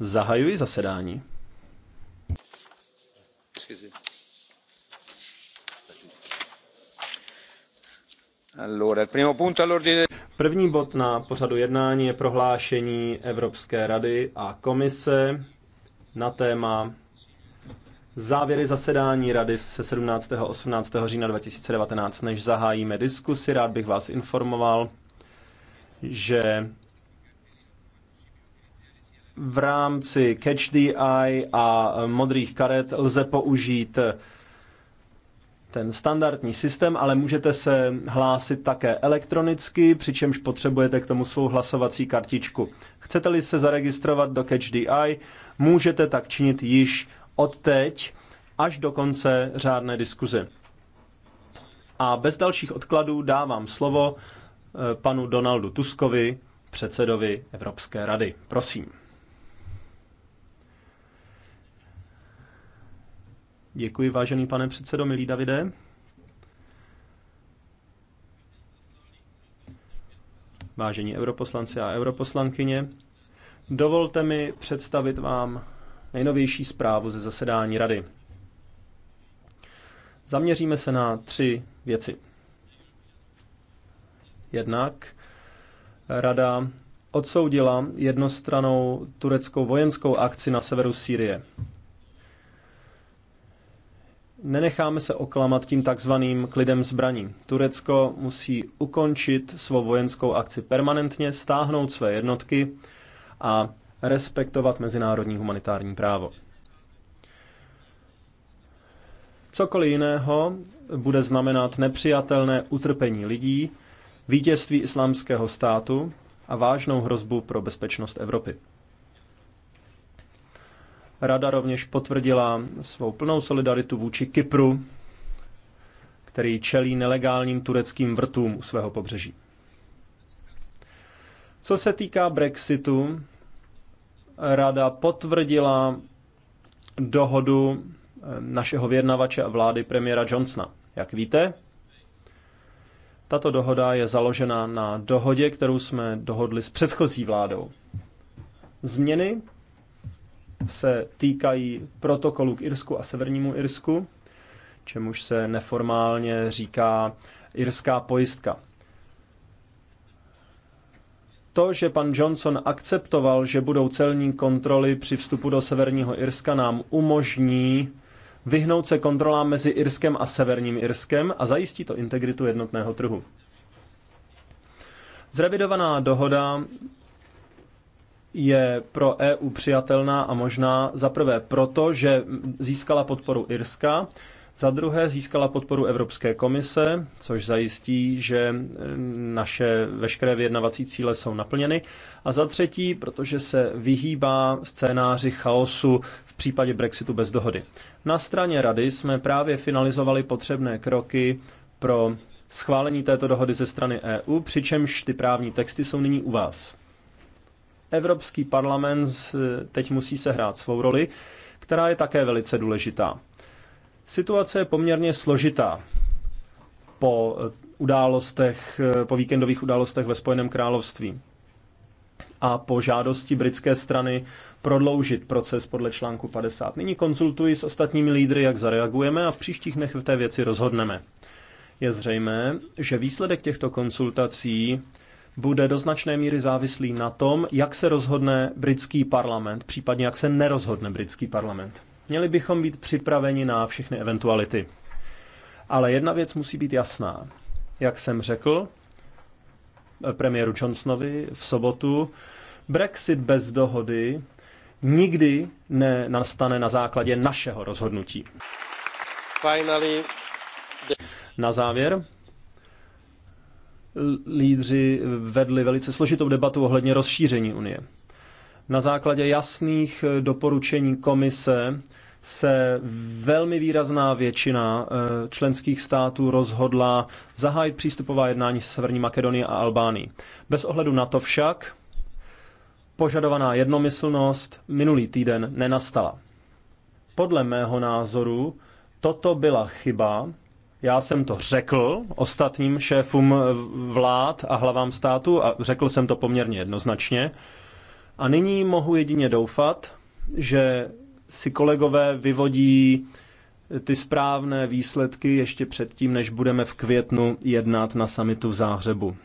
Zahajuji zasedání. První bod na pořadu jednání je prohlášení Evropské rady a komise na téma závěry zasedání rady se 17. a 18. října 2019. Než zahájíme diskusi, rád bych vás informoval, že v rámci Catch the Eye a modrých karet lze použít ten standardní systém, ale můžete se hlásit také elektronicky, přičemž potřebujete k tomu svou hlasovací kartičku. Chcete-li se zaregistrovat do Catch the Eye, můžete tak činit již od teď až do konce řádné diskuze. A bez dalších odkladů dávám slovo eh, panu Donaldu Tuskovi, předsedovi Evropské rady. Prosím. Děkuji, vážený pane předsedo, milý Davide. Vážení europoslanci a europoslankyně, dovolte mi představit vám nejnovější zprávu ze zasedání Rady. Zaměříme se na tři věci. Jednak Rada odsoudila jednostranou tureckou vojenskou akci na severu Sýrie. Nenecháme se oklamat tím takzvaným klidem zbraní. Turecko musí ukončit svou vojenskou akci permanentně, stáhnout své jednotky a respektovat mezinárodní humanitární právo. Cokoliv jiného bude znamenat nepřijatelné utrpení lidí, vítězství islámského státu a vážnou hrozbu pro bezpečnost Evropy. Rada rovněž potvrdila svou plnou solidaritu vůči Kypru, který čelí nelegálním tureckým vrtům u svého pobřeží. Co se týká Brexitu, Rada potvrdila dohodu eh, našeho vyjednavače a vlády premiéra Johnsona. Jak víte, tato dohoda je založena na dohodě, kterou jsme dohodli s předchozí vládou. Změny se týkají protokolu k Irsku a Severnímu Irsku, čemuž se neformálně říká irská pojistka. To, že pan Johnson akceptoval, že budou celní kontroly při vstupu do Severního Irska, nám umožní vyhnout se kontrolám mezi Irskem a Severním Irskem a zajistí to integritu jednotného trhu. Zrevidovaná dohoda je pro EU přijatelná a možná za prvé proto, že získala podporu Irska, za druhé získala podporu Evropské komise, což zajistí, že eh, naše veškeré vyjednavací cíle jsou naplněny. A za třetí, protože se vyhýbá scénáři chaosu v případě Brexitu bez dohody. Na straně Rady jsme právě finalizovali potřebné kroky pro schválení této dohody ze strany EU, přičemž ty právní texty jsou nyní u vás. Evropský parlament teď musí sehrát svou roli, která je také velice důležitá. Situace je poměrně složitá. Po událostech, po víkendových událostech ve Spojeném království a po žádosti britské strany prodloužit proces podle článku 50. Nyní konzultuji s ostatními lídry, jak zareagujeme a v příštích dnech v té věci rozhodneme. Je zřejmé, že výsledek těchto konsultací bude do značné míry závislý na tom, jak se rozhodne britský parlament, případně jak se nerozhodne britský parlament. Měli bychom být připraveni na všechny eventuality. Ale jedna věc musí být jasná. Jak jsem řekl premiéru Johnsonovi v sobotu, Brexit bez dohody nikdy nenastane na základě našeho rozhodnutí. Finally, the... Na závěr lídři vedli velice složitou debatu ohledně rozšíření Unie. Na základě jasných doporučení komise se velmi výrazná většina eh, členských států rozhodla zahájit přístupová jednání se Severní Makedonii a Albánií. Bez ohledu na to však požadovaná jednomyslnost minulý týden nenastala. Podle mého názoru toto byla chyba, já jsem to řekl ostatním šéfům vlád a hlavám státu a řekl jsem to poměrně jednoznačně. A nyní mohu jedině doufat, že si kolegové vyvodí ty správné výsledky ještě předtím, než budeme v květnu jednat na samitu v Záhřebu,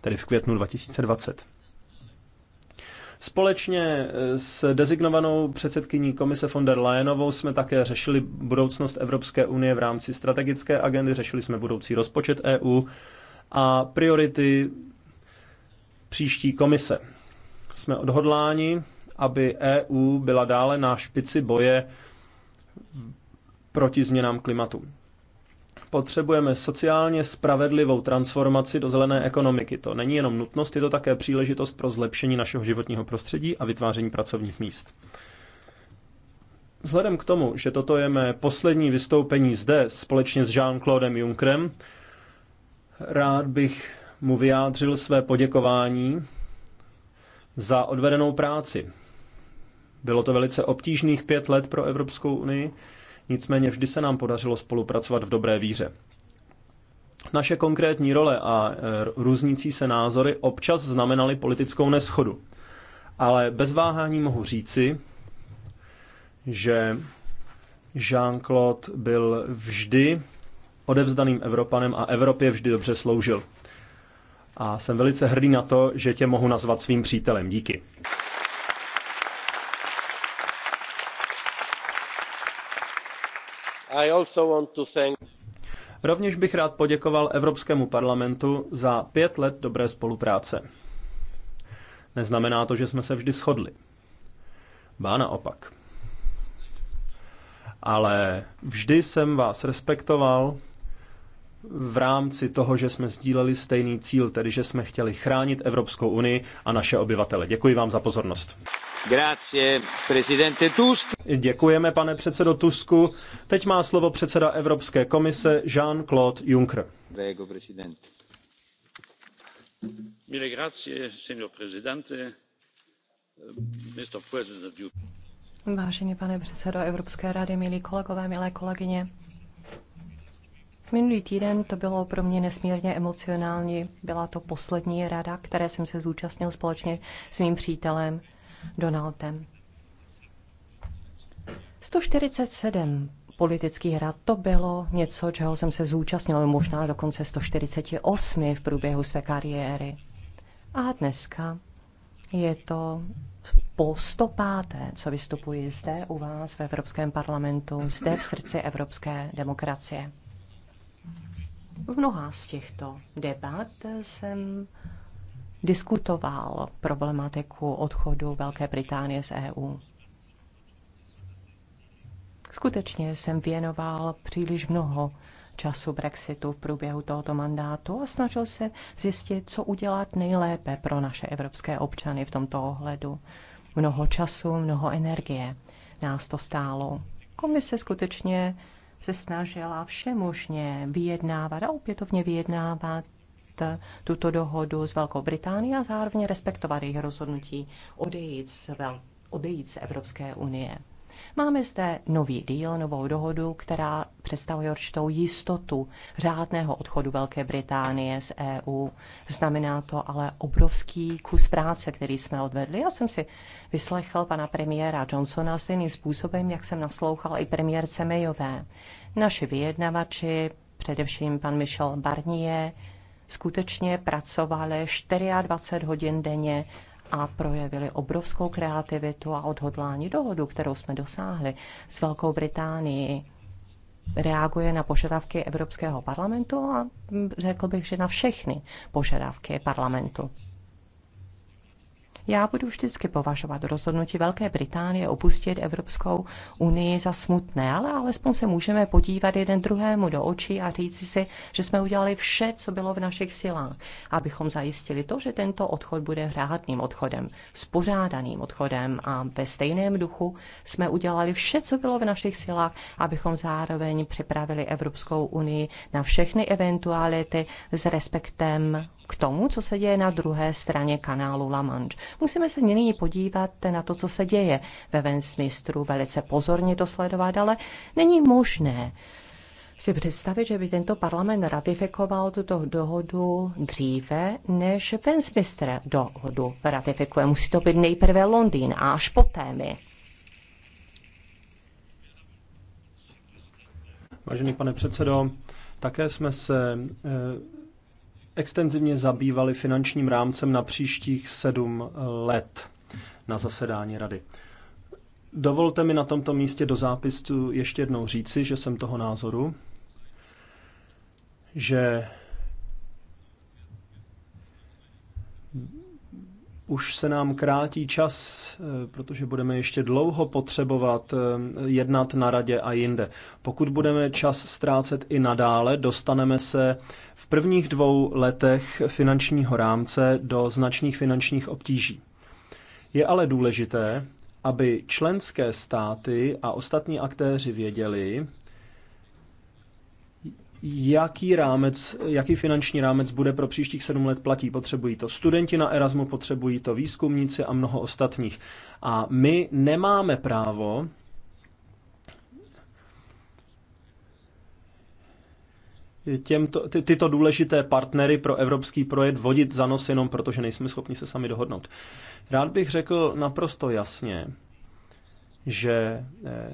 tedy v květnu 2020. Společně eh, s dezignovanou předsedkyní komise von der Leyenovou jsme také řešili budoucnost Evropské unie v rámci strategické agendy, řešili jsme budoucí rozpočet EU a priority příští komise. Jsme odhodláni, aby EU byla dále na špici boje proti změnám klimatu. Potřebujeme sociálně spravedlivou transformaci do zelené ekonomiky. To není jenom nutnost, je to také příležitost pro zlepšení našeho životního prostředí a vytváření pracovních míst. Vzhledem k tomu, že toto je mé poslední vystoupení zde společně s Jean-Claudem Junckerem, rád bych mu vyjádřil své poděkování za odvedenou práci. Bylo to velice obtížných pět let pro Evropskou unii Nicméně vždy se nám podařilo spolupracovat v dobré víře. Naše konkrétní role a e, různící se názory občas znamenaly politickou neschodu. Ale bez váhání mohu říci, že Jean-Claude byl vždy odevzdaným Evropanem a Evropě vždy dobře sloužil. A jsem velice hrdý na to, že tě mohu nazvat svým přítelem. Díky. Rovněž bych rád poděkoval Evropskému parlamentu za pět let dobré spolupráce. Neznamená to, že jsme se vždy shodli. Bá naopak. Ale vždy jsem vás respektoval v rámci toho, že jsme sdíleli stejný cíl, tedy že jsme chtěli chránit Evropskou unii a naše obyvatele. Děkuji vám za pozornost. Grazie, prezidente Tusk. Děkujeme, pane předsedo Tusku. Teď má slovo předseda Evropské komise Jean-Claude Juncker. Prego, prezident. Mille grazie, signor presidente. Mr. President. Vážený pane předsedo Evropské rady, milí kolegové, milé kolegyně, Minulý týden to bylo pro mě nesmírně emocionální. Byla to poslední rada, které jsem se zúčastnil společně s mým přítelem Donaldem. 147 politických rad, to bylo něco, čeho jsem se zúčastnil, možná dokonce 148 v průběhu své kariéry. A dneska je to po 105. co vystupuji zde u vás v Evropském parlamentu, zde v srdci evropské demokracie. V mnoha z těchto debat jsem diskutoval problematiku odchodu Velké Británie z EU. Skutečně jsem věnoval příliš mnoho času Brexitu v průběhu tohoto mandátu a snažil se zjistit, co udělat nejlépe pro naše evropské občany v tomto ohledu. Mnoho času, mnoho energie nás to stálo. Komise skutečně se snažila všemožně vyjednávat a opětovně vyjednávat tuto dohodu s Velkou Británií a zároveň respektovat jejich rozhodnutí odejít z, Vel- odejít z Evropské unie. Máme zde nový díl, novou dohodu, která představuje určitou jistotu řádného odchodu Velké Británie z EU. Znamená to ale obrovský kus práce, který jsme odvedli. Já jsem si vyslechl pana premiéra Johnsona stejným způsobem, jak jsem naslouchal i premiérce Mayové. Naši vyjednavači, především pan Michel Barnier, skutečně pracovali 24 hodin denně a projevili obrovskou kreativitu a odhodlání dohodu, kterou jsme dosáhli s Velkou Británií reaguje na požadavky Evropského parlamentu a řekl bych, že na všechny požadavky parlamentu. Já budu vždycky považovat rozhodnutí Velké Británie opustit Evropskou unii za smutné, ale alespoň se můžeme podívat jeden druhému do očí a říci si, že jsme udělali vše, co bylo v našich silách, abychom zajistili to, že tento odchod bude řádným odchodem, spořádaným odchodem a ve stejném duchu jsme udělali vše, co bylo v našich silách, abychom zároveň připravili Evropskou unii na všechny eventuality s respektem k tomu, co se děje na druhé straně kanálu La Manche. Musíme se nyní podívat na to, co se děje ve Westminsteru, velice pozorně to sledovat, ale není možné si představit, že by tento parlament ratifikoval tuto dohodu dříve, než Westminster dohodu ratifikuje. Musí to být nejprve Londýn a až poté my. Vážený pane předsedo, také jsme se eh, extenzivně zabývali finančním rámcem na příštích sedm eh, let na zasedání rady. Dovolte mi na tomto místě do zápisu ještě jednou říci, že jsem toho názoru, že Už se nám krátí čas, eh, protože budeme ještě dlouho potřebovat eh, jednat na radě a jinde. Pokud budeme čas ztrácet i nadále, dostaneme se v prvních dvou letech finančního rámce do značných finančních obtíží. Je ale důležité, aby členské státy a ostatní aktéři věděli, jaký rámec, jaký finanční rámec bude pro příštích sedm let platí. Potřebují to studenti na Erasmu, potřebují to výzkumníci a mnoho ostatních. A my nemáme právo těmto, ty, tyto důležité partnery pro evropský projekt vodit za nos jenom protože nejsme schopni se sami dohodnout. Rád bych řekl naprosto jasně, že eh,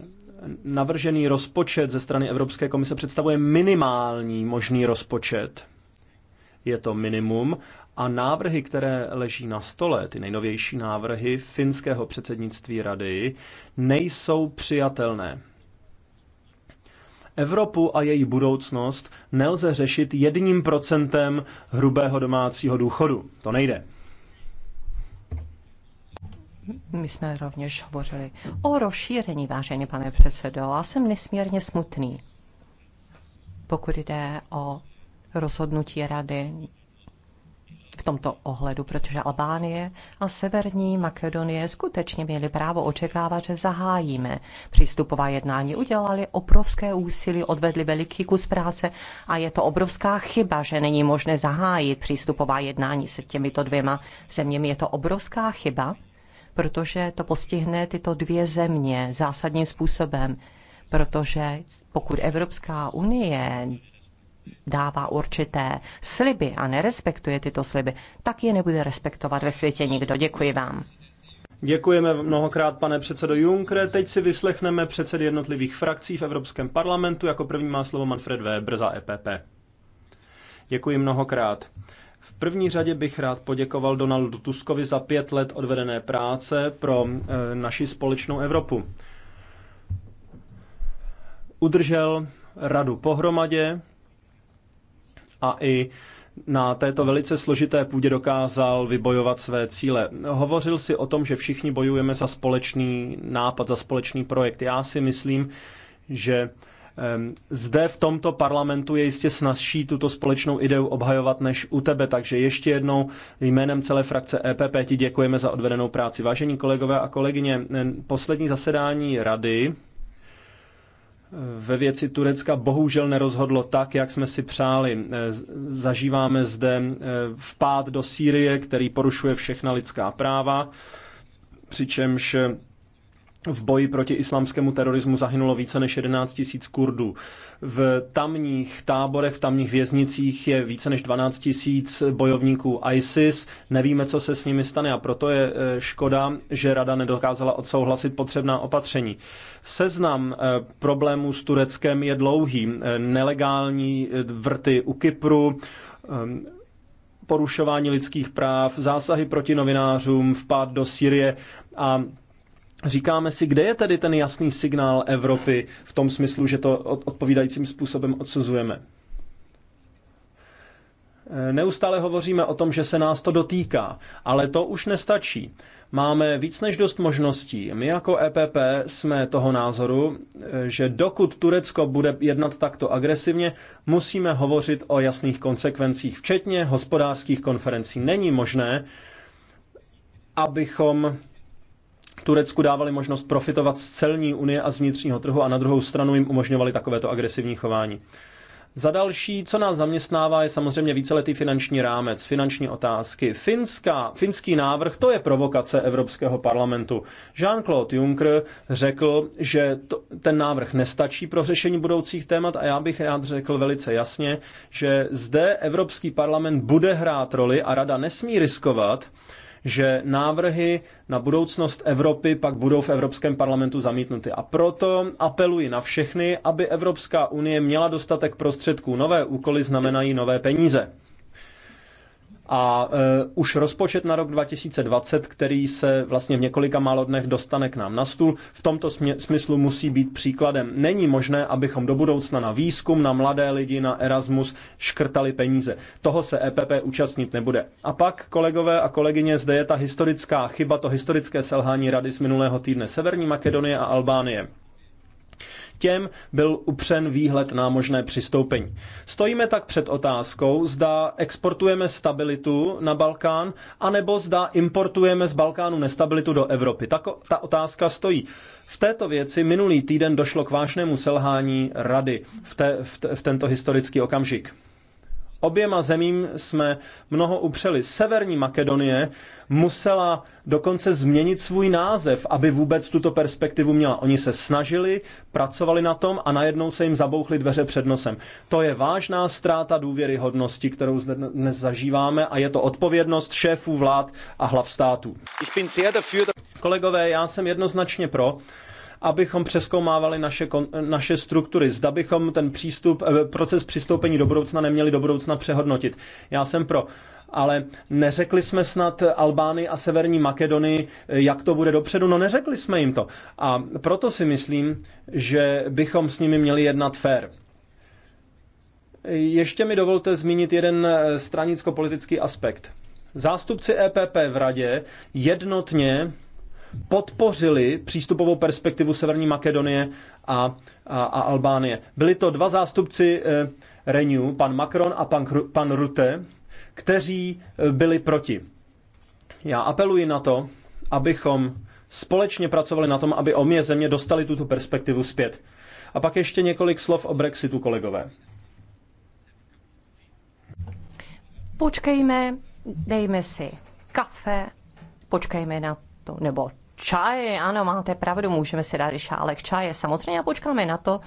navržený rozpočet ze strany Evropské komise představuje minimální možný rozpočet. Je to minimum a návrhy, které leží na stole, ty nejnovější návrhy finského předsednictví rady, nejsou přijatelné. Evropu a její budoucnost nelze řešit jedním procentem hrubého domácího důchodu. To nejde. My jsme rovněž hovořili o rozšíření, vážený pane předsedo, a jsem nesmírně smutný, pokud jde o rozhodnutí rady v tomto ohledu, protože Albánie a Severní Makedonie skutečně měli právo očekávat, že zahájíme přístupová jednání. Udělali obrovské úsilí, odvedli veliký kus práce a je to obrovská chyba, že není možné zahájit přístupová jednání se těmito dvěma zeměmi. Je to obrovská chyba, protože to postihne tyto dvě země zásadním způsobem. Protože pokud Evropská unie dává určité sliby a nerespektuje tyto sliby, tak je nebude respektovat ve světě nikdo. Děkuji vám. Děkujeme mnohokrát, pane předsedo Junkre. Teď si vyslechneme předsedy jednotlivých frakcí v Evropském parlamentu. Jako první má slovo Manfred Weber za EPP. Děkuji mnohokrát. V první řadě bych rád poděkoval Donaldu Tuskovi za pět let odvedené práce pro eh, naši společnou Evropu. Udržel radu pohromadě a i na této velice složité půdě dokázal vybojovat své cíle. Hovořil si o tom, že všichni bojujeme za společný nápad, za společný projekt. Já si myslím, že Ehm, zde v tomto parlamentu je jistě snazší tuto společnou ideu obhajovat než u tebe, takže ještě jednou jménem celé frakce EPP ti děkujeme za odvedenou práci. Vážení kolegové a kolegyně, poslední zasedání rady ehm, ve věci Turecka bohužel nerozhodlo tak, jak jsme si přáli. Ehm, zažíváme zde vpád do Sýrie, který porušuje všechna lidská práva, přičemž v boji proti islámskému terorismu zahynulo více než 11 tisíc Kurdů. V tamních táborech, v tamních věznicích je více než 12 tisíc bojovníků ISIS. Nevíme, co se s nimi stane a proto je e, škoda, že Rada nedokázala odsouhlasit potřebná opatření. Seznam e, problémů s Tureckem je dlouhý. E, nelegální vrty u Kypru, porušování lidských práv, zásahy proti novinářům, vpád do Syrie a Říkáme si, kde je tedy ten jasný signál Evropy v tom smyslu, že to odpovídajícím způsobem odsuzujeme. E, neustále hovoříme o tom, že se nás to dotýká, ale to už nestačí. Máme víc než dost možností. My jako EPP jsme toho názoru, e, že dokud Turecko bude jednat takto agresivně, musíme hovořit o jasných konsekvencích, včetně hospodářských konferencí. Není možné, abychom Turecku dávali možnost profitovat z celní unie a z vnitřního trhu a na druhou stranu jim umožňovali takovéto agresivní chování. Za další, co nás zaměstnává, je samozřejmě víceletý finanční rámec, finanční otázky. Finska, finský návrh, to je provokace Evropského parlamentu. Jean-Claude Juncker řekl, že to, ten návrh nestačí pro řešení budoucích témat a já bych rád řekl velice jasně, že zde Evropský parlament bude hrát roli a rada nesmí riskovat, že návrhy na budoucnost Evropy pak budou v Evropském parlamentu zamítnuty. A proto apeluji na všechny, aby Evropská unie měla dostatek prostředků. Nové úkoly znamenají nové peníze a uh, už rozpočet na rok 2020, který se vlastně v několika málo dnech dostane k nám na stůl, v tomto smyslu musí být příkladem. Není možné, abychom do budoucna na výzkum, na mladé lidi, na Erasmus škrtali peníze. Toho se EPP účastnit nebude. A pak, kolegové a kolegyně, zde je ta historická chyba, to historické selhání rady z minulého týdne Severní Makedonie a Albánie. Těm byl upřen výhled na možné přistoupení. Stojíme tak před otázkou, zda exportujeme stabilitu na Balkán, anebo zda importujeme z Balkánu nestabilitu do Evropy. Tako, ta otázka stojí. V této věci minulý týden došlo k vážnému selhání rady v, te, v, v tento historický okamžik. Oběma zemím jsme mnoho upřeli. Severní Makedonie musela dokonce změnit svůj název, aby vůbec tuto perspektivu měla. Oni se snažili, pracovali na tom a najednou se jim zabouchly dveře před nosem. To je vážná ztráta důvěryhodnosti, kterou zde dnes zažíváme a je to odpovědnost šéfů vlád a hlav států. Kolegové, já jsem jednoznačně pro, abychom přeskoumávali naše, naše struktury, zda bychom ten přístup, eh, proces přistoupení do budoucna neměli do budoucna přehodnotit. Já jsem pro. Ale neřekli jsme snad Albány a Severní Makedonii, eh, jak to bude dopředu, no neřekli jsme jim to. A proto si myslím, že bychom s nimi měli jednat fér. Ještě mi dovolte zmínit jeden eh, stranicko-politický aspekt. Zástupci EPP v radě jednotně podpořili přístupovou perspektivu Severní Makedonie a, a, a Albánie. Byli to dva zástupci eh, Renew, pan Macron a pan, pan Rutte, kteří eh, byli proti. Já apeluji na to, abychom společně pracovali na tom, aby obě země dostali tuto perspektivu zpět. A pak ještě několik slov o Brexitu, kolegové. Počkejme, dejme si kafe, počkejme na to, nebo Čaje, ano, máte pravdu, můžeme si dát i šálek čaje, samozřejmě a počkáme na to,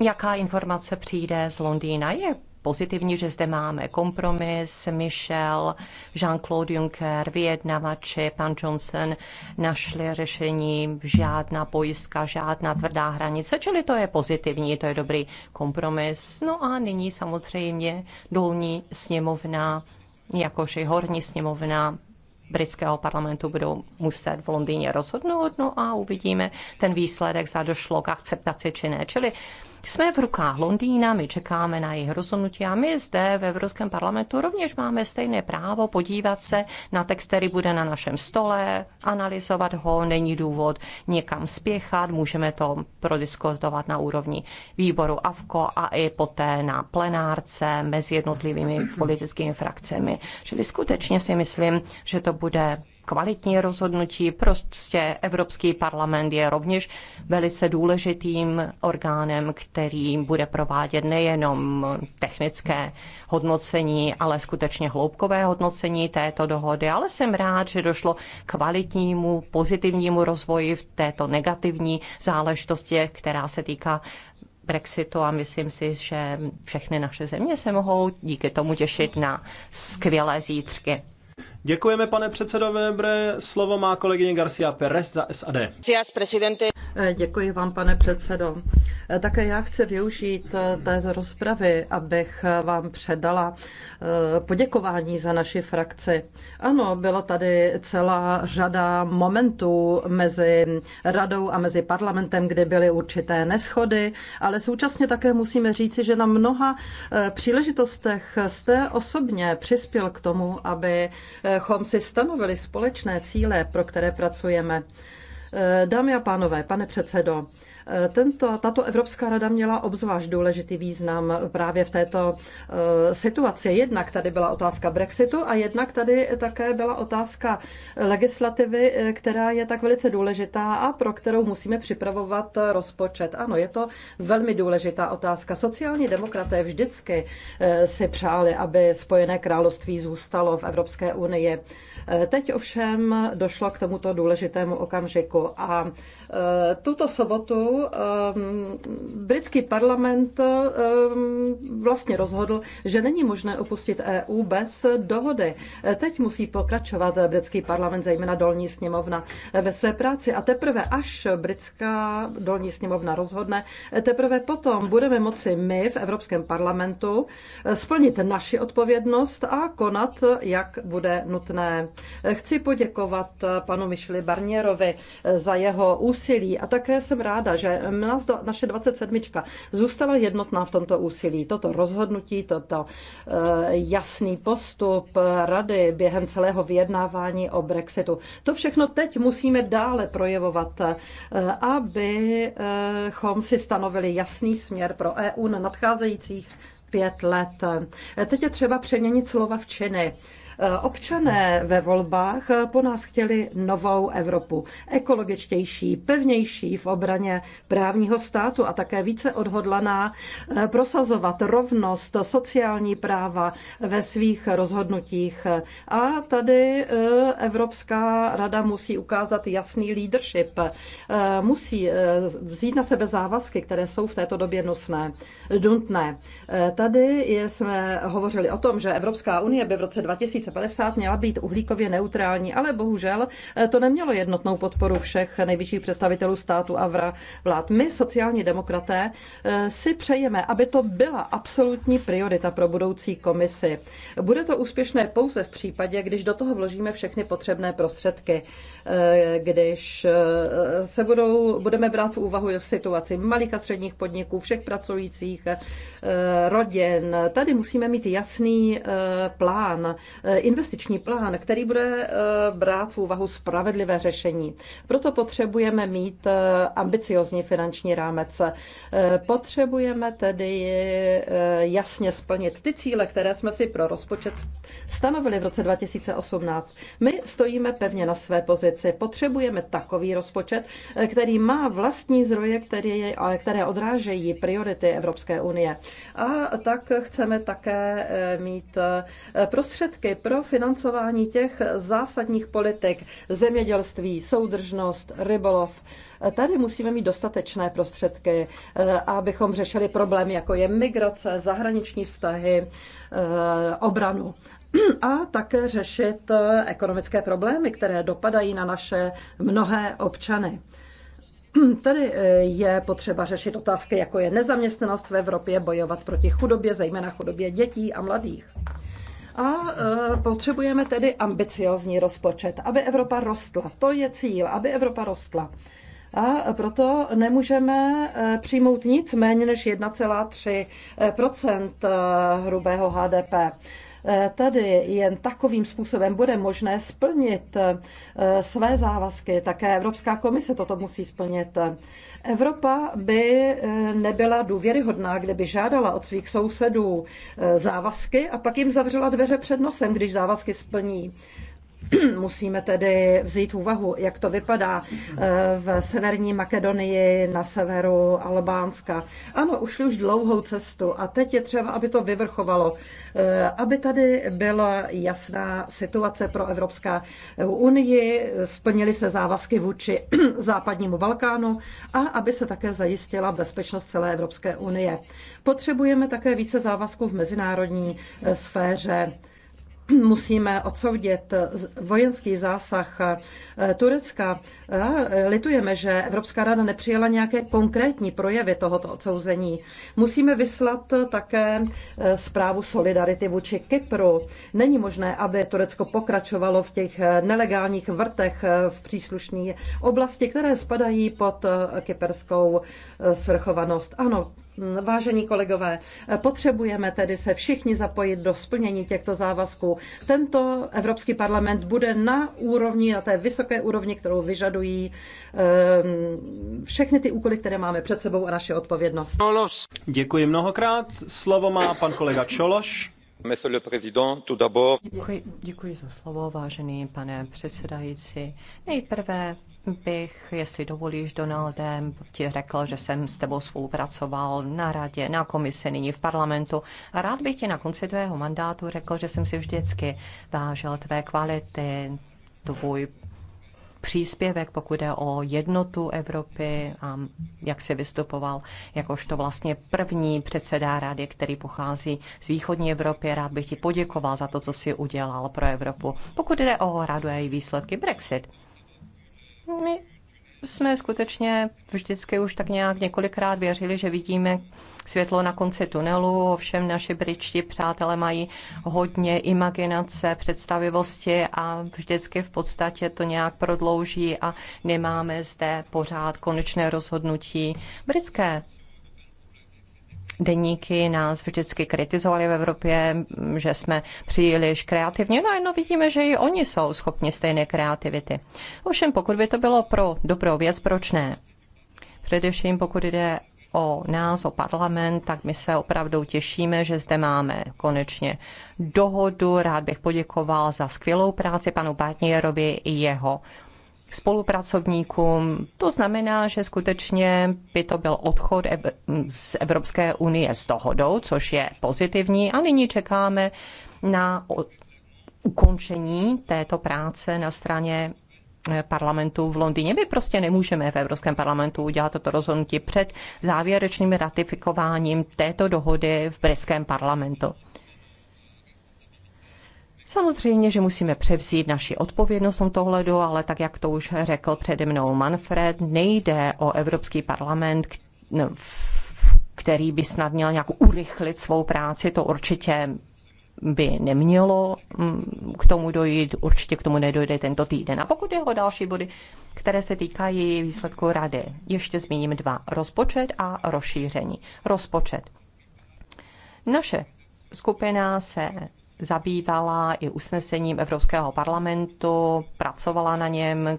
jaká informace přijde z Londýna. Je pozitivní, že zde máme kompromis, Michel, Jean-Claude Juncker, vyjednavači, pan Johnson našli řešení, žádná pojistka, žádná tvrdá hranice, čili to je pozitivní, to je dobrý kompromis. No a nyní samozřejmě dolní sněmovna, jakož i horní sněmovna britského parlamentu budou muset v Londýně rozhodnout, no a uvidíme ten výsledek, zda došlo k akceptaci či ne. Čili jsme v rukách Londýna, my čekáme na jejich rozhodnutí a my zde v Evropském parlamentu rovněž máme stejné právo podívat se na text, který bude na našem stole, analyzovat ho, není důvod někam spěchat, můžeme to prodiskutovat na úrovni výboru AVKO a i poté na plenárce mezi jednotlivými politickými frakcemi. Čili skutečně si myslím, že to bude kvalitní rozhodnutí. Prostě Evropský parlament je rovněž velice důležitým orgánem, který bude provádět nejenom technické hodnocení, ale skutečně hloubkové hodnocení této dohody. Ale jsem rád, že došlo kvalitnímu, pozitivnímu rozvoji v této negativní záležitosti, která se týká Brexitu a myslím si, že všechny naše země se mohou díky tomu těšit na skvělé zítřky. Děkujeme, pane předsedo Webre. Slovo má kolegyně Garcia Perez za SAD. Eh, děkuji vám, pane předsedo. Eh, také já chci využít eh, této rozpravy, abych vám předala poděkování za naši frakci. Ano, byla tady celá řada momentů mezi radou a mezi parlamentem, kdy byly určité neschody, ale současně také musíme říci, že na mnoha příležitostech jste osobně přispěl k tomu, aby abychom eh, si stanovili společné cíle, pro které pracujeme. Eh, dámy a pánové, pane předsedo, tento, tato Evropská rada měla obzvlášť důležitý význam právě v této eh, situaci. Jednak tady byla otázka Brexitu a jednak tady také byla otázka legislativy, eh, která je tak velice důležitá a pro kterou musíme připravovat rozpočet. Ano, je to velmi důležitá otázka. Sociální demokraté vždycky eh, si přáli, aby Spojené království zůstalo v Evropské unii. Eh, teď ovšem došlo k tomuto důležitému okamžiku a eh, tuto sobotu eh, britský parlament vlastně rozhodl, že není možné opustit EU bez dohody. Teď musí pokračovat britský parlament, zejména dolní sněmovna, ve své práci a teprve až britská dolní sněmovna rozhodne, teprve potom budeme moci my v Evropském parlamentu splnit naši odpovědnost a konat, jak bude nutné. Chci poděkovat eh, panu Mišli Barnierovi eh, za jeho úsilí a také jsem ráda, že naše 27. zůstala jednotná v tomto úsilí. Toto rozhodnutí, toto eh, jasný postup rady během celého vyjednávání o Brexitu. To všechno teď musíme dále projevovat, abychom si stanovili jasný směr pro EU na nadcházejících pět let. Teď je třeba přeměnit slova v činy. Eh, občané ve volbách eh, po nás chtěli novou Evropu, ekologičtější, pevnější v obraně právního státu a také více odhodlaná eh, prosazovat rovnost, sociální práva ve svých rozhodnutích. A tady Evropská rada musí ukázat jasný leadership, musí vzít na sebe závazky, které jsou v této době nutné. Dutné. Tady jsme hovořili o tom, že Evropská unie by v roce 2000 2050 měla být uhlíkově neutrální, ale bohužel eh, to nemělo jednotnou podporu všech nejvyšších představitelů státu a vlád. My, sociální demokraté, eh, si přejeme, aby to byla absolutní priorita pro budoucí komisi. Bude to úspěšné pouze v případě, když do toho vložíme všechny potřebné prostředky, eh, když se budou, budeme brát v úvahu v situaci malých a středních podniků, všech pracujících, rodin. Tady musíme mít jasný plán, investiční plán, který bude eh, brát v úvahu spravedlivé řešení. Proto potřebujeme mít eh, ambiciozní finanční rámec. Eh, potřebujeme tedy jasně splnit ty cíle, které jsme si pro rozpočet stanovili v roce 2018. My stojíme pevně na své pozici. Potřebujeme takový rozpočet, který má vlastní zdroje, které, odrážejí priority Evropské unie. A tak chceme také mít prostředky pro financování těch zásadních politik, zemědělství, soudržnost, rybolov. Tady musíme mít dostatečné prostředky, eh, abychom řešili problémy, jako je migrace, zahraniční vztahy, eh, obranu a také řešit eh, ekonomické problémy, které dopadají na naše mnohé občany. Tady je potřeba řešit otázky, jako je nezaměstnanost v Evropě, bojovat proti chudobě, zejména chudobě dětí a mladých. A e, potřebujeme tedy ambiciozní rozpočet, aby Evropa rostla. To je cíl, aby Evropa rostla. A proto nemůžeme e, přijmout nic méně než 1,3 e, hrubého HDP. Eh, tady jen takovým způsobem bude možné splnit eh, své závazky. Také Evropská komise toto musí splnit. Evropa by eh, nebyla důvěryhodná, kdyby žádala od svých sousedů závazky a pak jim zavřela dveře před nosem, když závazky splní. Musíme tedy vzít úvahu, jak to vypadá eh, v severní Makedonii, na severu Albánska. Ano, ušli už dlouhou cestu a teď je třeba, aby to vyvrchovalo, eh, aby tady byla jasná situace pro Evropská unii, splnili se závazky vůči západnímu Balkánu a aby se také zajistila bezpečnost celé Evropské unie. Potřebujeme také více závazků v mezinárodní eh, sféře musíme odsoudit vojenský zásah eh, Turecka. Eh, litujeme, že Evropská rada nepřijela nějaké konkrétní projevy tohoto odsouzení. Musíme vyslat také eh, zprávu solidarity vůči Kypru. Není možné, aby Turecko pokračovalo v těch nelegálních vrtech v příslušné oblasti, které spadají pod kyperskou svrchovanost. Ano, Vážení kolegové, potřebujeme tedy se všichni zapojit do splnění těchto závazků. Tento Evropský parlament bude na úrovni, na té vysoké úrovni, kterou vyžadují ehm, všechny ty úkoly, které máme před sebou a naše odpovědnost. Děkuji mnohokrát. Slovo má pan kolega Čološ. Děkuji, za slovo, vážený pane předsedající. Nejprve bych, jestli dovolíš, Donalde, ti řekl, že jsem s tebou spolupracoval na radě, na komisi, nyní v parlamentu. A rád bych ti na konci tvého mandátu řekl, že jsem si vždycky vážil tvé kvality, tvůj příspěvek, pokud jde o jednotu Evropy a jak se vystupoval jakožto vlastně první předseda rady, který pochází z východní Evropy. Rád bych ti poděkoval za to, co jsi udělal pro Evropu. Pokud jde o radu a její výsledky Brexit, my jsme skutečně vždycky už tak nějak několikrát věřili, že vidíme světlo na konci tunelu, ovšem naši britští přátelé mají hodně imaginace, představivosti a vždycky v podstatě to nějak prodlouží a nemáme zde pořád konečné rozhodnutí britské deníky nás vždycky kritizovali v Evropě, že jsme příliš kreativní. No jenom vidíme, že i oni jsou schopni stejné kreativity. Ovšem, pokud by to bylo pro dobrou věc, proč ne? Především pokud jde o nás, o parlament, tak my se opravdu těšíme, že zde máme konečně dohodu. Rád bych poděkoval za skvělou práci panu Bartnierovi i jeho spolupracovníkům. To znamená, že skutečně by to byl odchod z Evropské unie s dohodou, což je pozitivní a nyní čekáme na ukončení této práce na straně eh, parlamentu v Londýně. My prostě nemůžeme v Evropském parlamentu udělat toto rozhodnutí před závěrečným ratifikováním této dohody v britském parlamentu. Samozřejmě, že musíme převzít naši odpovědnost v tomto ohledu, ale tak, jak to už řekl přede mnou Manfred, nejde o Evropský parlament, no, který by snad měl nějak urychlit svou práci, to určitě by nemělo mm, k tomu dojít, určitě k tomu nedojde tento týden. A pokud jeho o další body, které se týkají výsledku rady, ještě zmíním dva. Rozpočet a rozšíření. Rozpočet. Naše skupina se zabývala i usnesením Evropského parlamentu, pracovala na něm,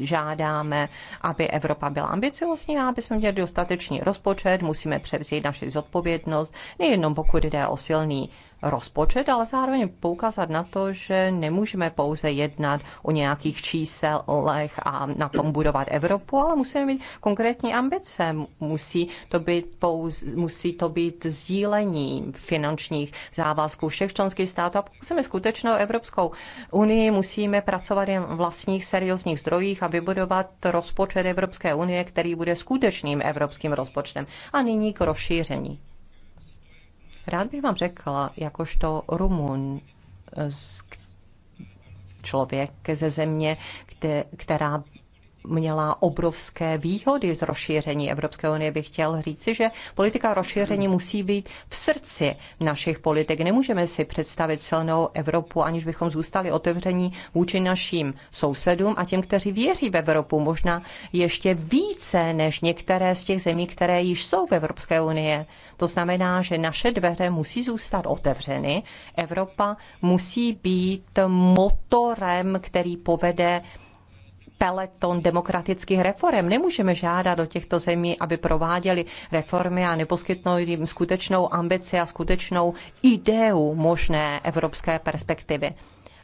žádáme, aby Evropa byla ambiciozní a aby jsme měli dostatečný rozpočet, musíme převzít naši zodpovědnost, nejenom pokud jde o silný rozpočet, ale zároveň poukázat na to, že nemůžeme pouze jednat o nějakých číselech a na tom budovat Evropu, ale musíme mít konkrétní ambice. Musí to být, pouze, musí to být sdílení finančních závazků všech členských států a pokud jsme skutečnou Evropskou unii, musíme pracovat jen vlastních seriózních zdrojích a vybudovat rozpočet Evropské unie, který bude skutečným evropským rozpočtem. A nyní k rozšíření. Rád bych vám řekla, jakožto Rumun, eh, člověk ze země, která měla obrovské výhody z rozšíření Evropské unie, bych chtěl říci, že politika rozšíření musí být v srdci našich politik. Nemůžeme si představit silnou Evropu, aniž bychom zůstali otevření vůči našim sousedům a těm, kteří věří v Evropu, možná ještě více než některé z těch zemí, které již jsou v Evropské unie. To znamená, že naše dveře musí zůstat otevřeny. Evropa musí být motorem, který povede peleton demokratických reform. Nemůžeme žádat do těchto zemí, aby prováděli reformy a neposkytnout jim skutečnou ambici a skutečnou ideu možné evropské perspektivy.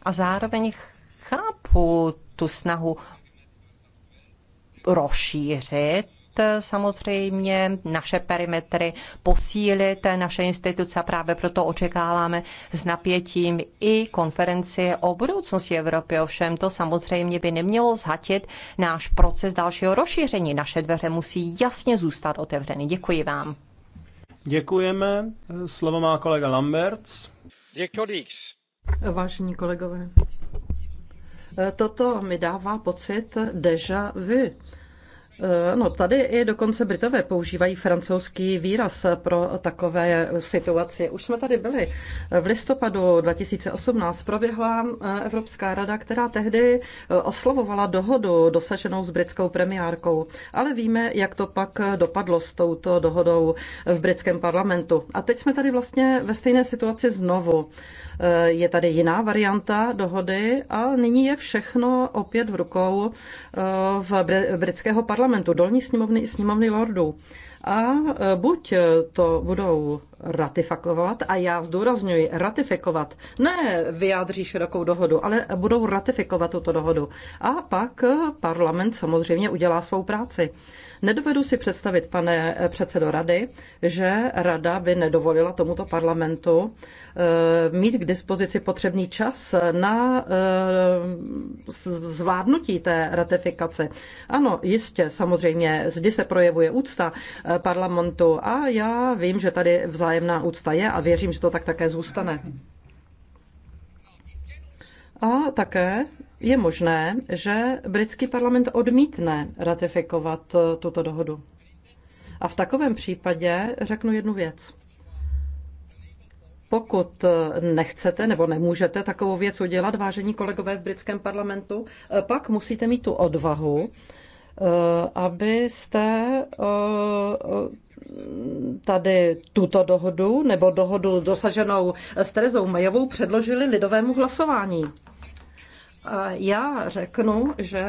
A zároveň chápu tu snahu rozšířit samozřejmě naše perimetry, posílit naše instituce a právě proto očekáváme s napětím i konferenci o budoucnosti Evropy. Ovšem to samozřejmě by nemělo zhatit náš proces dalšího rozšíření. Naše dveře musí jasně zůstat otevřeny. Děkuji vám. Děkujeme. Slovo má kolega Lamberts. Vážení kolegové, toto mi dává pocit deja vu Eh, no tady i dokonce Britové používají francouzský výraz pro takové situaci. Už jsme tady byli. V listopadu 2018 proběhla eh, Evropská rada, která tehdy eh, oslovovala dohodu dosaženou s britskou premiárkou. Ale víme, jak to pak dopadlo s touto dohodou v britském parlamentu. A teď jsme tady vlastně ve stejné situaci znovu. Je tady jiná varianta dohody a nyní je všechno opět v rukou v britského parlamentu parlamentu, dolní sněmovny i sněmovny lordů. A e, buď e, to budou ratifikovat, a já zdůrazňuji ratifikovat, ne vyjádří širokou dohodu, ale budou ratifikovat tuto dohodu. A pak e, parlament samozřejmě udělá svou práci. Nedovedu si představit, pane eh, předsedo rady, že rada by nedovolila tomuto parlamentu eh, mít k dispozici potřebný čas na eh, zvládnutí té ratifikace. Ano, jistě, samozřejmě, zde se projevuje úcta parlamentu a já vím, že tady vzájemná úcta je a věřím, že to tak také zůstane. A také je možné, že britský parlament odmítne ratifikovat eh, tuto dohodu. A v takovém případě řeknu jednu věc. Pokud eh, nechcete nebo nemůžete takovou věc udělat, vážení kolegové v britském parlamentu, eh, pak musíte mít tu odvahu, abyste tady tuto dohodu nebo dohodu dosaženou s Terezou Majovou předložili lidovému hlasování. A já řeknu, že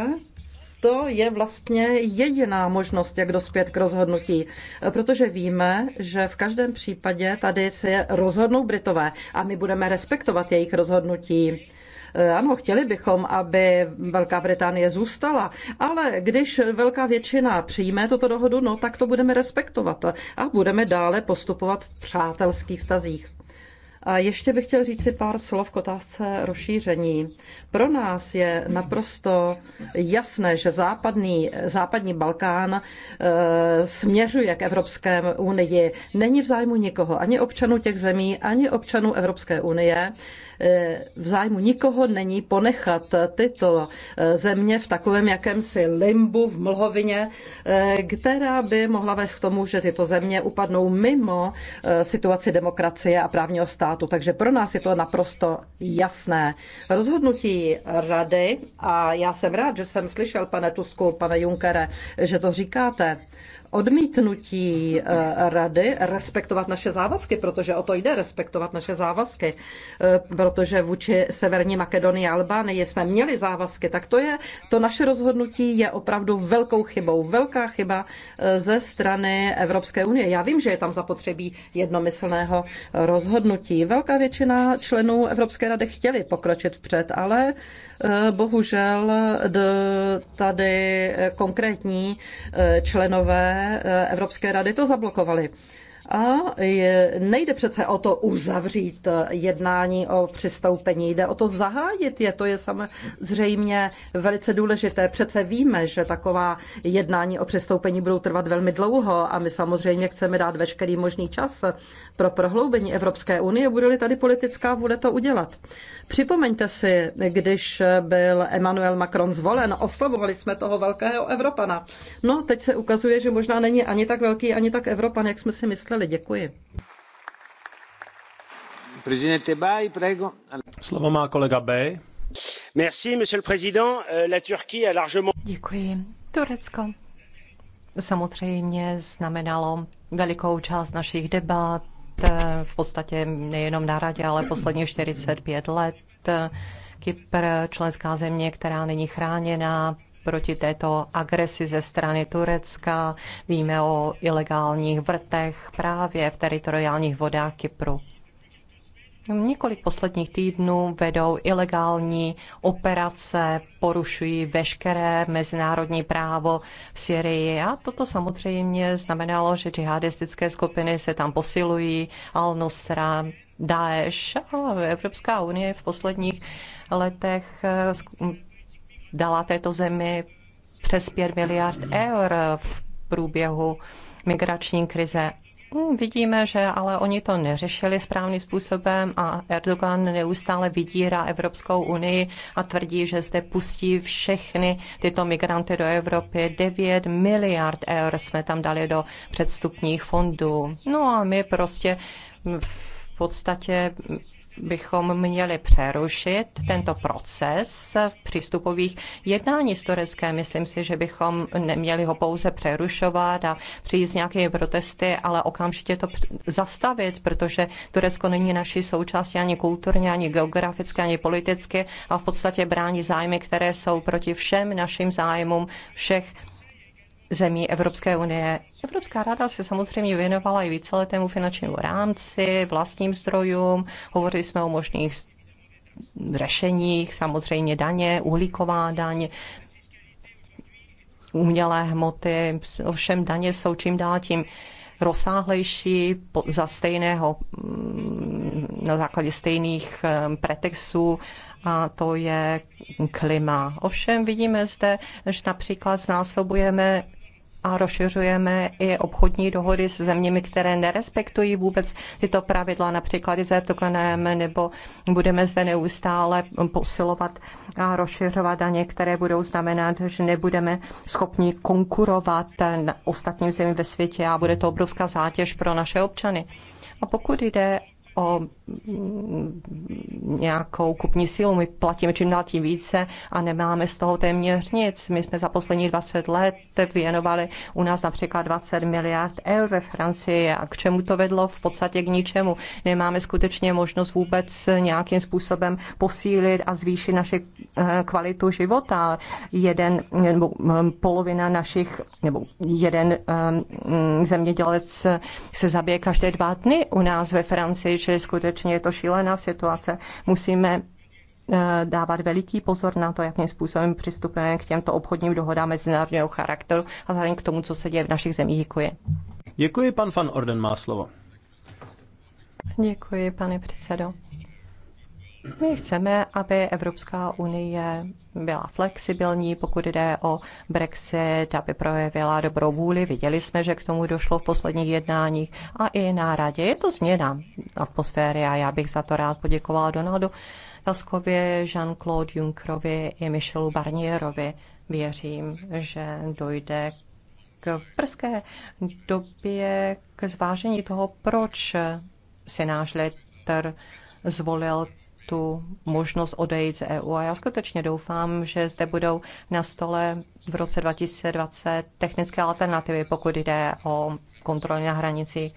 to je vlastně jediná možnost, jak dospět k rozhodnutí, protože víme, že v každém případě tady se rozhodnou Britové a my budeme respektovat jejich rozhodnutí. E, ano, chtěli bychom, aby Velká Británie zůstala, ale když velká většina přijme tuto dohodu, no tak to budeme respektovat a budeme dále postupovat v přátelských stazích. A ještě bych chtěl říct si pár slov k otázce rozšíření. Pro nás je naprosto jasné, že západní, západní Balkán e, směřuje k Evropské unii. Není v zájmu nikoho, ani občanů těch zemí, ani občanů Evropské unie, Eh, v zájmu nikoho není ponechat tyto eh, země v takovém jakémsi limbu, v mlhovině, eh, která by mohla vést k tomu, že tyto země upadnou mimo situaci demokracie a právního státu. Takže pro nás je to naprosto jasné. Rozhodnutí rady, a já jsem rád, že jsem slyšel, pane Tusku, pane Junkere, že to říkáte, odmítnutí eh, rady respektovat naše závazky, protože o to jde respektovat naše závazky, eh, protože vůči Severní Makedonii a Albánii jsme měli závazky, tak to je, to naše rozhodnutí je opravdu velkou chybou, velká chyba eh, ze strany Evropské unie. Já vím, že je tam zapotřebí jednomyslného rozhodnutí. Velká většina členů Evropské rady chtěli pokročit vpřed, ale bohužel tady konkrétní členové Evropské rady to zablokovali. A nejde přece o to uzavřít eh, jednání o přistoupení, jde o to zahájit je. To je samozřejmě velice důležité. Přece víme, že taková jednání o přistoupení budou trvat velmi dlouho a my samozřejmě chceme dát veškerý možný čas pro prohloubení Evropské unie, bude-li tady politická vůle to udělat. Připomeňte si, když byl Emmanuel Macron zvolen, oslavovali jsme toho velkého Evropana. No, teď se ukazuje, že možná není ani tak velký, ani tak Evropan, jak jsme si mysleli slyšeli. Děkuji. Prezidente Bay, prego. Slovo má kolega Bay. Merci, monsieur le président. Euh, la Turquie a largement... Děkuji. Turecko samozřejmě znamenalo velikou část našich debat, eh, v podstatě nejenom na radě, ale posledních 45 let. Kypr, členská země, která není chráněna, proti této agresi ze strany Turecka. Víme o ilegálních vrtech právě v teritoriálních vodách Kypru. Několik posledních týdnů vedou ilegální operace, porušují veškeré mezinárodní právo v Syrii a toto samozřejmě znamenalo, že džihadistické skupiny se tam posilují, Al-Nusra, Daesh a Evropská unie v posledních letech eh, dala této zemi přes 5 miliard eur v průběhu migrační krize. Hmm, vidíme, že ale oni to neřešili správným způsobem a Erdogan neustále vydírá Evropskou unii a tvrdí, že zde pustí všechny tyto migranty do Evropy. 9 miliard eur jsme tam dali do předstupních fondů. No a my prostě v podstatě bychom měli přerušit tento proces přístupových jednání s Tureckem. Myslím si, že bychom neměli ho pouze přerušovat a přijít s nějakými protesty, ale okamžitě to zastavit, protože Turecko není naší součástí ani kulturně, ani geograficky, ani politicky a v podstatě brání zájmy, které jsou proti všem našim zájmům všech zemí Evropské unie. Evropská rada se samozřejmě věnovala i víceletému finančnímu rámci, vlastním zdrojům, hovořili jsme o možných řešeních, samozřejmě daně, uhlíková daň, umělé hmoty, ovšem daně jsou čím dál tím rozsáhlejší za stejného, mm, na základě stejných pretextů a to je klima. Ovšem vidíme zde, že například znásobujeme a rozšiřujeme i obchodní dohody s zeměmi, které nerespektují vůbec tyto pravidla, například i s Erdoganem, nebo budeme zde neustále posilovat a rozšiřovat daně, které budou znamenat, že nebudeme schopni konkurovat ostatním zemím ve světě a bude to obrovská zátěž pro naše občany. A pokud jde o mm, nějakou kupní sílu. My platíme čím dál tím více a nemáme z toho téměř nic. My jsme za poslední 20 let věnovali u nás například 20 miliard eur ve Francii a k čemu to vedlo? V podstatě k ničemu. Nemáme skutečně možnost vůbec nějakým způsobem posílit a zvýšit naši eh, kvalitu života. Jeden nebo mm, polovina našich, nebo jeden eh, mm, zemědělec se zabije každé dva dny u nás ve Francii, protože skutečně je to šílená situace. Musíme eh, dávat veliký pozor na to, jakým způsobem přistupujeme k těmto obchodním dohodám mezinárodního charakteru a zároveň k tomu, co se děje v našich zemích. Děkuji. Děkuji, pan Van Orden má slovo. Děkuji, pane předsedo. My chceme, aby Evropská unie byla flexibilní, pokud jde o Brexit, aby projevila dobrou vůli. Viděli jsme, že k tomu došlo v posledních jednáních a i na radě. Je to změna atmosféry a já bych za to rád poděkovala Donaldu Taskově, Jean-Claude Junckerovi i Michelu Barnierovi. Věřím, že dojde k prské době k zvážení toho, proč si náš zvolil tu možnost odejít z EU. A já skutečně doufám, že zde budou na stole v roce 2020 technické alternativy, pokud jde o kontroly na hranici.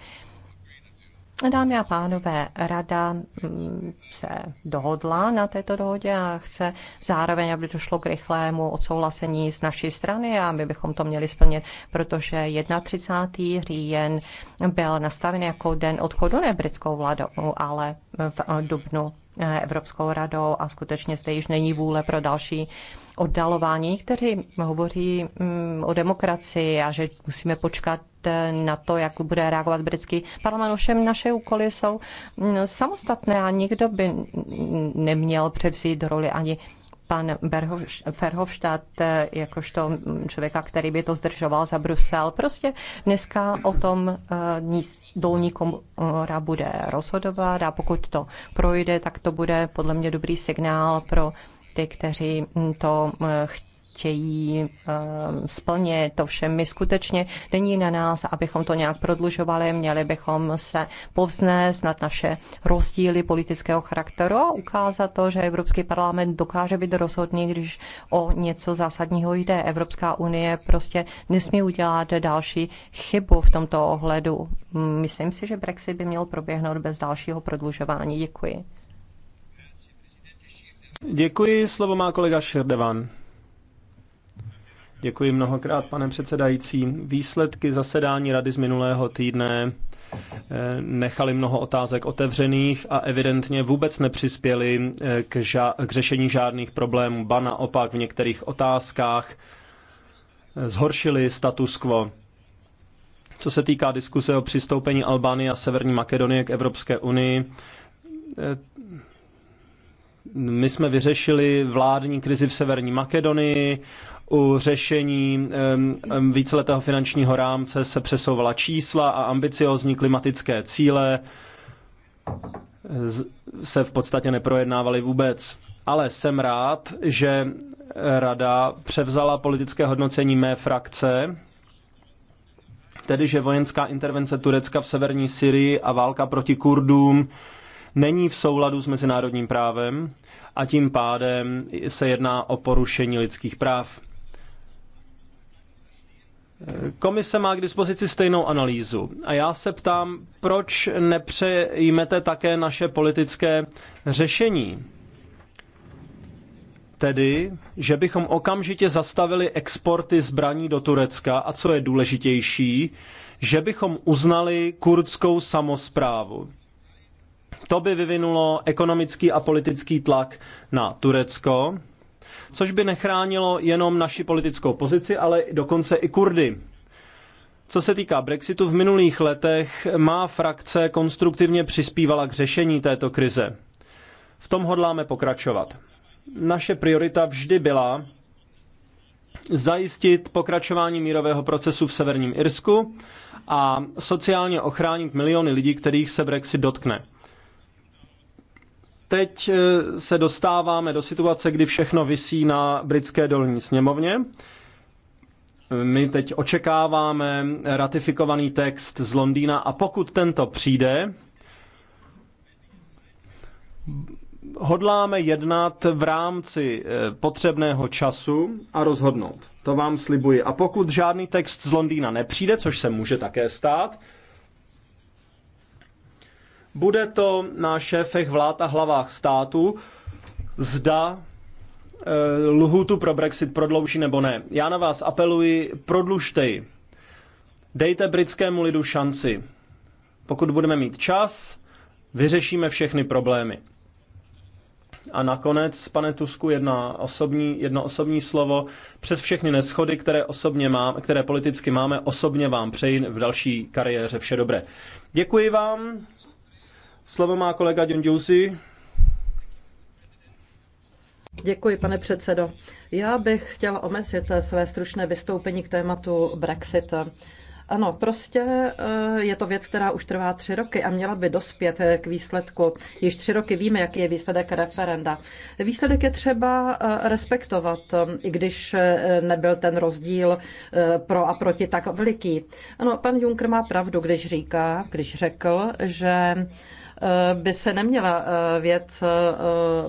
Dámy a pánové, rada mm, se dohodla na této dohodě a chce zároveň, aby došlo k rychlému odsouhlasení z naší strany a my bychom to měli splnit, protože 31. říjen byl nastaven jako den odchodu ne britskou vládou, ale v dubnu E, Evropskou radou a skutečně zde již není vůle pro další oddalování. Někteří hovoří mm, o demokracii a že musíme počkat e, na to, jak bude reagovat britský parlament. Ovšem naše úkoly jsou mm, samostatné a nikdo by neměl převzít roli ani pan Verhofstadt eh, jakožto mm, člověka, který by to zdržoval za Brusel. Prostě dneska o tom eh, dolní komora bude rozhodovat a pokud to projde, tak to bude podle mě dobrý signál pro ty, kteří to eh, chtějí ehm, splnit. vše my skutečně není na nás, abychom to nějak prodlužovali, měli bychom se povznést nad naše rozdíly politického charakteru a ukázat to, že Evropský parlament dokáže být rozhodný, když o něco zásadního jde. Evropská unie prostě nesmí udělat další chybu v tomto ohledu. Myslím si, že Brexit by měl proběhnout bez dalšího prodlužování. Děkuji. Děkuji, slovo má kolega Šerdevan. Děkuji mnohokrát, pane předsedající. Výsledky zasedání rady z minulého týdne eh, nechali mnoho otázek otevřených a evidentně vůbec nepřispěli eh, k, ža- k řešení žádných problémů, ba naopak v některých otázkách eh, zhoršili status quo. Co se týká diskuse o přistoupení Albánie a Severní Makedonie k Evropské unii, my jsme vyřešili vládní krizi v Severní Makedonii, u řešení víceletého finančního rámce se přesouvala čísla a ambiciozní klimatické cíle se v podstatě neprojednávaly vůbec. Ale jsem rád, že rada převzala politické hodnocení mé frakce, tedy že vojenská intervence Turecka v severní Syrii a válka proti Kurdům není v souladu s mezinárodním právem a tím pádem se jedná o porušení lidských práv. Komise má k dispozici stejnou analýzu. A já se ptám, proč nepřejmete také naše politické řešení? Tedy, že bychom okamžitě zastavili exporty zbraní do Turecka a co je důležitější, že bychom uznali kurdskou samozprávu. To by vyvinulo ekonomický a politický tlak na Turecko, což by nechránilo jenom naši politickou pozici, ale dokonce i Kurdy. Co se týká Brexitu, v minulých letech má frakce konstruktivně přispívala k řešení této krize. V tom hodláme pokračovat. Naše priorita vždy byla zajistit pokračování mírového procesu v Severním Irsku a sociálně ochránit miliony lidí, kterých se Brexit dotkne teď eh, se dostáváme do situace, kdy všechno visí na britské dolní sněmovně. My teď očekáváme ratifikovaný text z Londýna a pokud tento přijde, hodláme jednat v rámci eh, potřebného času a rozhodnout. To vám slibuji. A pokud žádný text z Londýna nepřijde, což se může také stát, bude to na šéfech vlád a hlavách států, zda e, lhutu pro Brexit prodlouží nebo ne. Já na vás apeluji, prodlužte ji. Dejte britskému lidu šanci. Pokud budeme mít čas, vyřešíme všechny problémy. A nakonec, pane Tusku, jedna osobní, jedno osobní slovo. Přes všechny neschody, které, osobně mám, které politicky máme, osobně vám přeji v další kariéře vše dobré. Děkuji vám, Slovo má kolega Diondiusi. Děkuji, pane předsedo. Já bych chtěla omezit své stručné vystoupení k tématu Brexit. Ano, prostě eh, je to věc, která už trvá tři roky a měla by dospět k výsledku. Již tři roky víme, jaký je výsledek referenda. Výsledek je třeba eh, respektovat, i když eh, nebyl ten rozdíl pro a proti tak veliký. Ano, pan Juncker má pravdu, když říká, když řekl, že Eh, by se neměla eh, věc eh,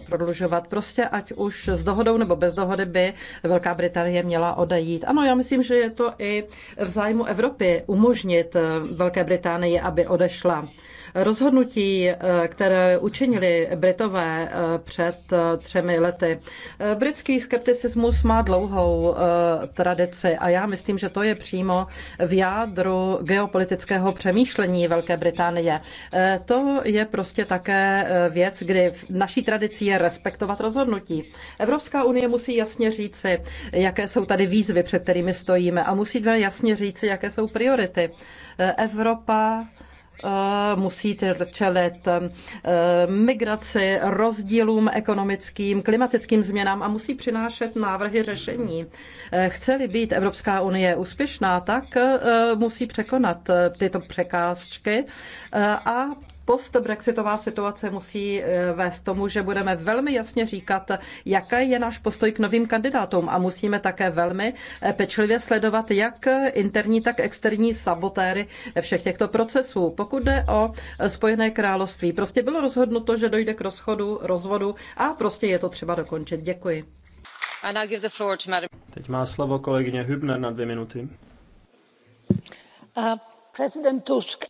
prodlužovat. Prostě ať už s dohodou nebo bez dohody by Velká Británie měla odejít. Ano, já myslím, že je to i v zájmu Evropy umožnit Velké Británii, aby odešla. Rozhodnutí, které učinili Britové před třemi lety. Britský skepticismus má dlouhou tradici a já myslím, že to je přímo v jádru geopolitického přemýšlení Velké Británie. To je je prostě také e, věc, kdy naší tradicí je respektovat rozhodnutí. Evropská unie musí jasně říci, jaké jsou tady výzvy, před kterými stojíme a musíme jasně říci, jaké jsou priority. E, Evropa e, musí čelit migraci, rozdílům ekonomickým, klimatickým změnám a musí přinášet návrhy řešení. Chce-li být Evropská unie úspěšná, tak musí překonat tyto překážky a Post brexitová situace musí eh, vést tomu, že budeme velmi jasně říkat, jaký je náš postoj k novým kandidátům a musíme také velmi eh, pečlivě sledovat jak interní, tak externí sabotéry všech těchto procesů. Pokud jde o eh, Spojené království, prostě bylo rozhodnuto, že dojde k rozchodu, rozvodu a prostě je to třeba dokončit. Děkuji. Teď má slovo kolegyně Hübner na dvě minuty. Uh, prezident Tusk.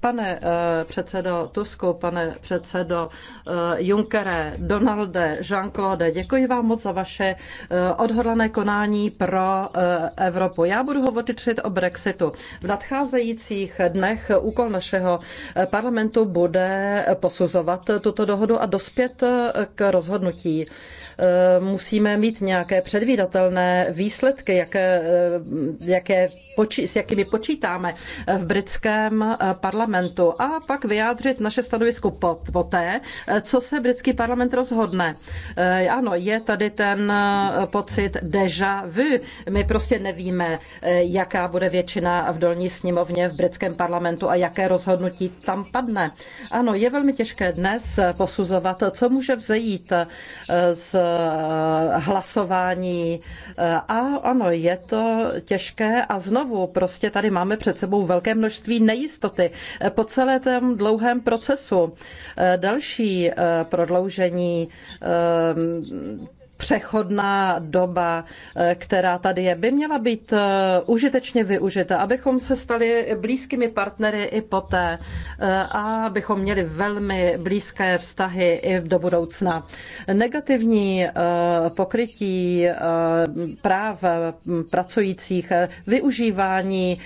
Pane eh, předsedo Tusku, pane předsedo eh, Junckere, Donalde, Jean-Claude, děkuji vám moc za vaše eh, odhodlané konání pro Evropu. Já budu hovořit o Brexitu. V nadcházejících dnech úkol našeho parlamentu bude posuzovat tuto dohodu a dospět k rozhodnutí. Musíme mít nějaké předvídatelné výsledky, jaké, jaké poči- s jakými počítáme eh, v britském eh, parlamentu a pak vyjádřit naše stanovisko poté, eh, co se britský parlament rozhodne. Ano, je tady ten pocit deja vu. My prostě nevíme, jaká bude většina v dolní sněmovně v britském parlamentu a jaké rozhodnutí tam padne. Ano, je velmi těžké dnes posuzovat, co může vzejít z hlasování. A ano, je to těžké a znovu zprávu. Prostě tady máme před sebou velké množství nejistoty eh, po celé tom dlouhém procesu. Eh, další eh, prodloužení přechodná doba, eh, která tady je, by měla být eh, užitečně využita, abychom se stali blízkými partnery i poté eh, a abychom měli velmi blízké vztahy i do budoucna. Negativní pokrytí práv mm, pracujících, využívání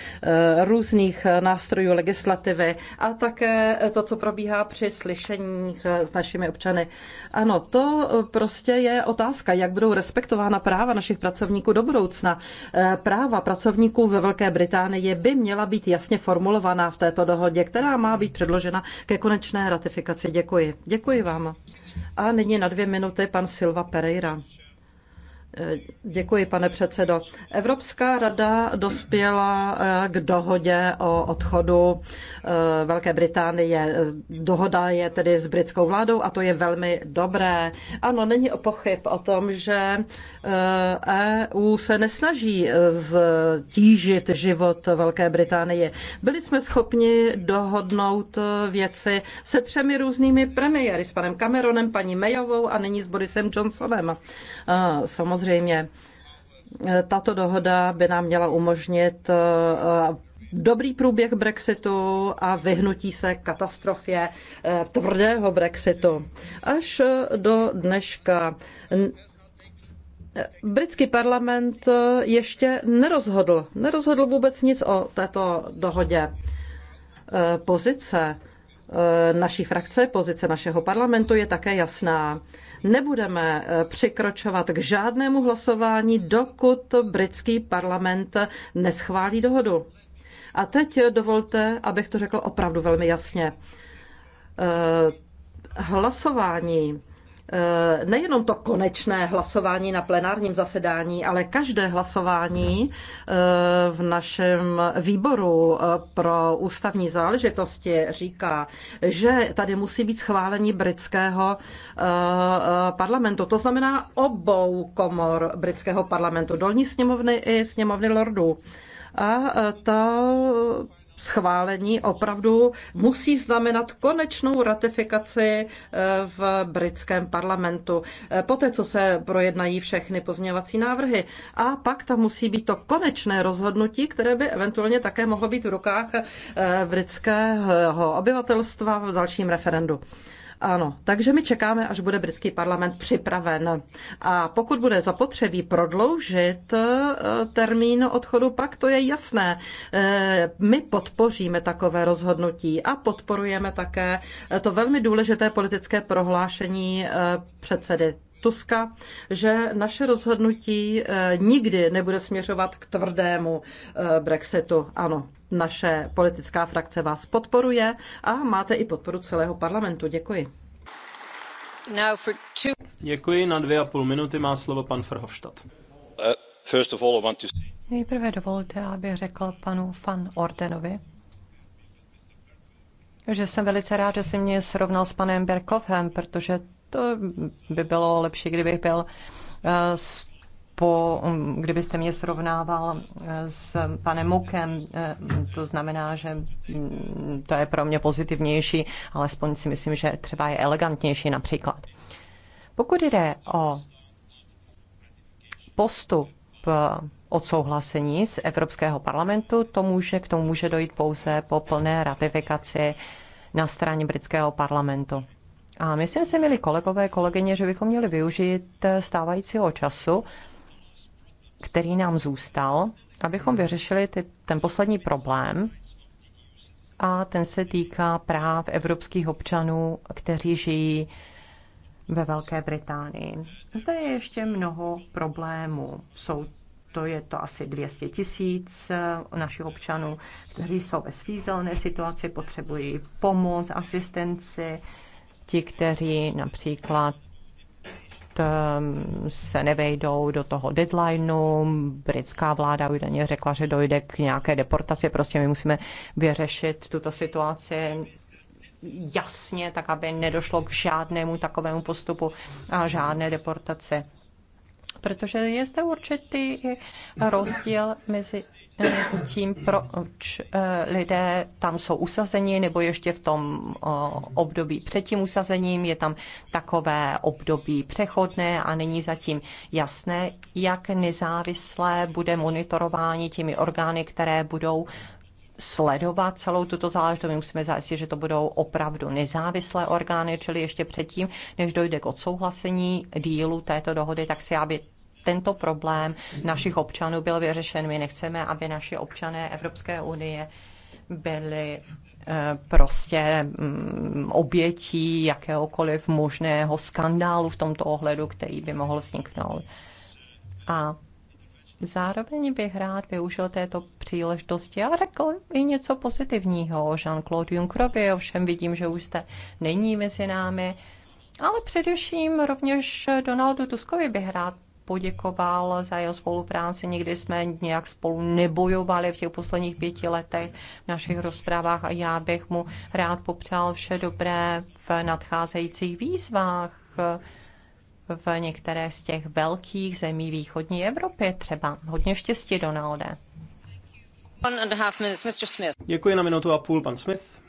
různých nástrojů legislativy a také to, co probíhá při slyšeních s našimi občany. Ano, to prostě je otázka otázka, jak budou respektována práva našich pracovníků do budoucna. Eh, práva pracovníků ve Velké Británii by měla být jasně formulovaná v této dohodě, která má být předložena ke konečné ratifikaci. Děkuji. Děkuji vám. A nyní na dvě minuty pan Silva Pereira. Děkuji, pane předsedo. Evropská rada dospěla eh, k dohodě o odchodu eh, Velké Británie. Dohoda je tedy s britskou vládou a to je velmi dobré. Ano, není pochyb o tom, že EU e se nesnaží e, ztížit život Velké Británie. Byli jsme schopni dohodnout e, věci se třemi různými premiéry, s panem Cameronem, paní Mayovou a nyní s Borisem Johnsonem. Samozřejmě tato dohoda by nám měla umožnit dobrý průběh Brexitu a vyhnutí se katastrofě tvrdého Brexitu. Až do dneška Britský parlament eh, ještě nerozhodl, nerozhodl vůbec nic o této dohodě. Eh, pozice eh, naší frakce, pozice našeho parlamentu je také jasná. Nebudeme přikročovat k žádnému hlasování, dokud britský parlament neschválí dohodu. A teď dovolte, abych to řekl opravdu velmi jasně. Hlasování Eh, nejenom to konečné hlasování na plenárním zasedání, ale každé hlasování eh, v našem výboru eh, pro ústavní záležitosti říká, že tady musí být schválení britského parlamentu. To znamená obou komor britského parlamentu, dolní sněmovny i sněmovny lordů. A to schválení opravdu musí znamenat konečnou ratifikaci eh, v britském parlamentu. Eh, poté, co se projednají všechny pozměňovací návrhy. A pak tam musí být to konečné rozhodnutí, které by eventuálně také mohlo být v rukách eh, britského obyvatelstva v dalším referendu. Ano, takže my čekáme, až bude britský parlament připraven. A pokud bude zapotřebí prodloužit eh, termín odchodu, pak to je jasné. Eh, my podpoříme takové rozhodnutí a podporujeme také to velmi důležité politické prohlášení eh, předsedy Tuska, že naše rozhodnutí eh, nikdy nebude směřovat k tvrdému eh, Brexitu. Ano, naše politická frakce vás podporuje a máte i podporu celého parlamentu. Děkuji. Two... Děkuji. Na dvě a půl minuty má slovo pan Verhofstadt. Uh, Nejprve dovolte, aby řekl panu Van Ordenovi, že jsem velice rád, že si mě srovnal s panem Berkovem, protože to by bylo lepší, kdybych byl eh, po, mm, kdybyste mě srovnával eh, s panem Mukem, eh, to znamená, že mm, to je pro mě pozitivnější, alespoň si myslím, že třeba je elegantnější například. Pokud jde o postup odsouhlasení z Evropského parlamentu, to může, k tomu může dojít pouze po plné ratifikaci na straně britského parlamentu. A myslím si, milí kolegové, kolegyně, že bychom měli využít eh, stávajícího času, který nám zůstal, abychom vyřešili ty, ten poslední problém, a ten se týká práv evropských občanů, kteří žijí ve Velké Británii. Zde je ještě mnoho problémů. Jsou to je to asi 200 tisíc eh, našich občanů, kteří jsou ve svízelné situaci, potřebují pomoc, asistenci, ti, kteří například ehm, se nevejdou do toho deadlineu. Britská vláda údajně řekla, že dojde k nějaké deportaci. Prostě my musíme vyřešit tuto situaci jasně, tak aby nedošlo k žádnému takovému postupu a žádné deportaci protože je zde určitý rozdíl mezi eh, tím, proč eh, lidé tam jsou usazeni, nebo ještě v tom eh, období před tím usazením je tam takové období přechodné a není zatím jasné, jak nezávislé bude monitorování těmi orgány, které budou sledovat celou tuto záležitost. My musíme zajistit, že to budou opravdu nezávislé orgány, čili ještě předtím, než dojde k odsouhlasení dílu této dohody, tak si aby tento problém našich občanů byl vyřešen. My nechceme, aby naši občané Evropské unie byli eh, prostě mm, obětí jakéhokoliv možného skandálu v tomto ohledu, který by mohl vzniknout. A zároveň bych rád využil této příležitosti a řekl i něco pozitivního o Jean-Claude Junckerovi, ovšem vidím, že už jste není mezi námi, ale především rovněž Donaldu Tuskovi bych rád poděkoval za jeho spolupráci. Nikdy jsme nějak spolu nebojovali v těch posledních pěti letech v našich rozprávách a já bych mu rád popřál vše dobré v nadcházejících výzvách v některé z těch velkých zemí východní Evropy třeba. Hodně štěstí, Donalde. Děkuji na minutu a půl, pan Smith.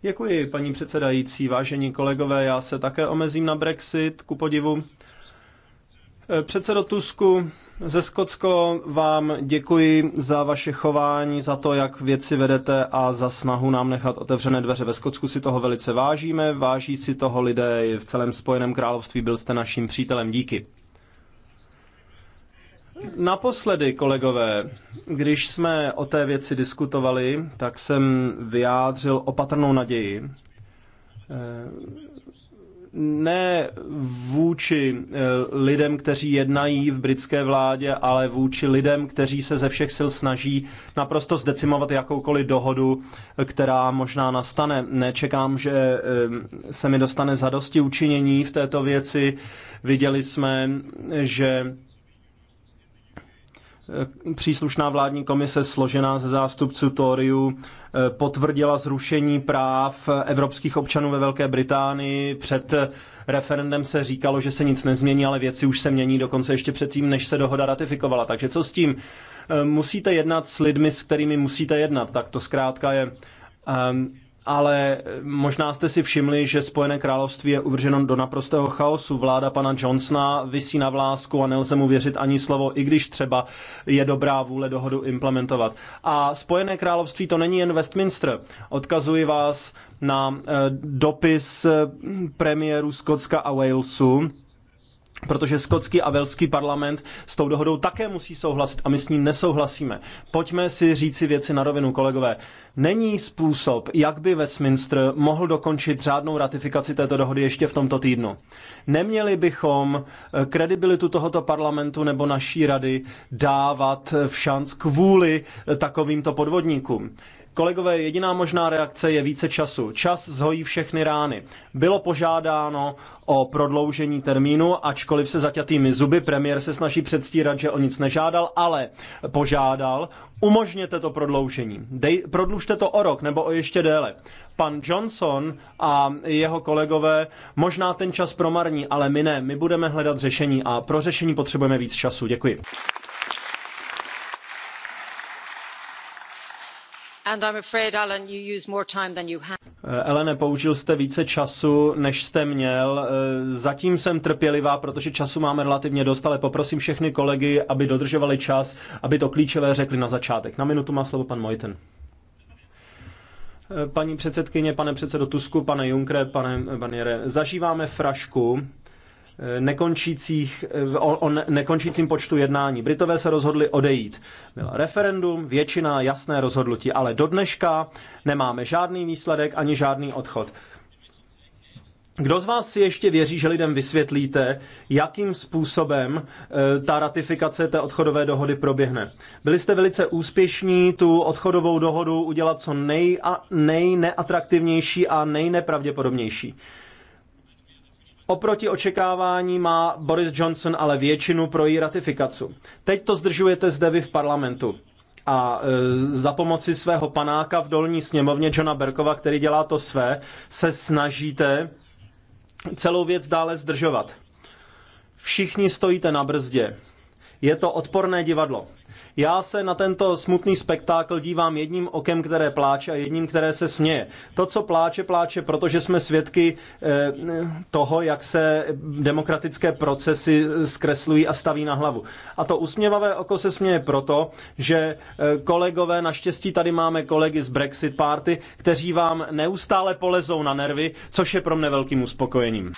Děkuji, paní předsedající. Vážení kolegové, já se také omezím na Brexit, ku podivu. Eh, předsedo Tusku ze Skocko, vám děkuji za vaše chování, za to, jak věci vedete a za snahu nám nechat otevřené dveře. Ve Skotsku si toho velice vážíme, váží si toho lidé v celém Spojeném království, byl jste naším přítelem, díky. Naposledy, kolegové, když jsme o té věci diskutovali, tak jsem vyjádřil opatrnou naději, eh, ne vůči eh, lidem, kteří jednají v britské vládě, ale vůči lidem, kteří se ze všech sil snaží naprosto zdecimovat jakoukoliv dohodu, eh, která možná nastane. Nečekám, že eh, se mi dostane zadosti učinění v této věci. Viděli jsme, že Eh, příslušná vládní komise složená ze zástupců Tóriu eh, potvrdila zrušení práv evropských občanů ve Velké Británii. Před eh, referendem se říkalo, že se nic nezmění, ale věci už se mění dokonce ještě předtím, než se dohoda ratifikovala. Takže co s tím? Musíte jednat s lidmi, s kterými musíte jednat. Tak to zkrátka je. Ehm, ale možná jste si všimli, že Spojené království je uvrženo do naprostého chaosu. Vláda pana Johnsona vysí na vlásku a nelze mu věřit ani slovo, i když třeba je dobrá vůle dohodu implementovat. A Spojené království to není jen Westminster. Odkazuji vás na eh, dopis eh, premiéru Skotska a Walesu, protože skotský a velský parlament s tou dohodou také musí souhlasit a my s ní nesouhlasíme. Pojďme si říci věci na rovinu, kolegové. Není způsob, jak by Westminster mohl dokončit řádnou ratifikaci této dohody ještě v tomto týdnu. Neměli bychom eh, kredibilitu tohoto parlamentu nebo naší rady dávat v šanc kvůli eh, takovýmto podvodníkům. Kolegové, jediná možná reakce je více času. Čas zhojí všechny rány. Bylo požádáno o prodloužení termínu, ačkoliv se zaťatými zuby premiér se snaží předstírat, že o nic nežádal, ale požádal, umožněte to prodloužení. Dej, prodlužte to o rok nebo o ještě déle. Pan Johnson a jeho kolegové možná ten čas promarní, ale my ne. My budeme hledat řešení a pro řešení potřebujeme víc času. Děkuji. Elene, použil jste více času, než jste měl. Eh, Zatím jsem trpělivá, protože času máme relativně dost, ale poprosím všechny kolegy, aby dodržovali čas, aby to klíčové řekli na začátek. Na minutu má slovo pan Mojten. Eh, Paní předsedkyně, pane předsedo Tusku, pane Junkre, pane Baniere, eh, zažíváme frašku, Eh, nekončících, eh, o, o nekončícím počtu jednání. Britové se rozhodli odejít. Bylo referendum, většina, jasné rozhodnutí, ale do dneška nemáme žádný výsledek ani žádný odchod. Kdo z vás si ještě věří, že lidem vysvětlíte, jakým způsobem eh, ta ratifikace té odchodové dohody proběhne? Byli jste velice úspěšní tu odchodovou dohodu udělat co nej a nejneatraktivnější a nejnepravděpodobnější. Oproti očekávání má Boris Johnson ale většinu pro její ratifikaci. Teď to zdržujete zde vy v parlamentu a e, za pomoci svého panáka v dolní sněmovně Johna Berkova, který dělá to své, se snažíte celou věc dále zdržovat. Všichni stojíte na brzdě. Je to odporné divadlo. Já se na tento smutný spektákl dívám jedním okem, které pláče a jedním, které se směje. To, co pláče, pláče, protože jsme svědky eh, toho, jak se demokratické procesy zkreslují a staví na hlavu. A to usměvavé oko se směje proto, že eh, kolegové, naštěstí tady máme kolegy z Brexit Party, kteří vám neustále polezou na nervy, což je pro mne velkým uspokojením.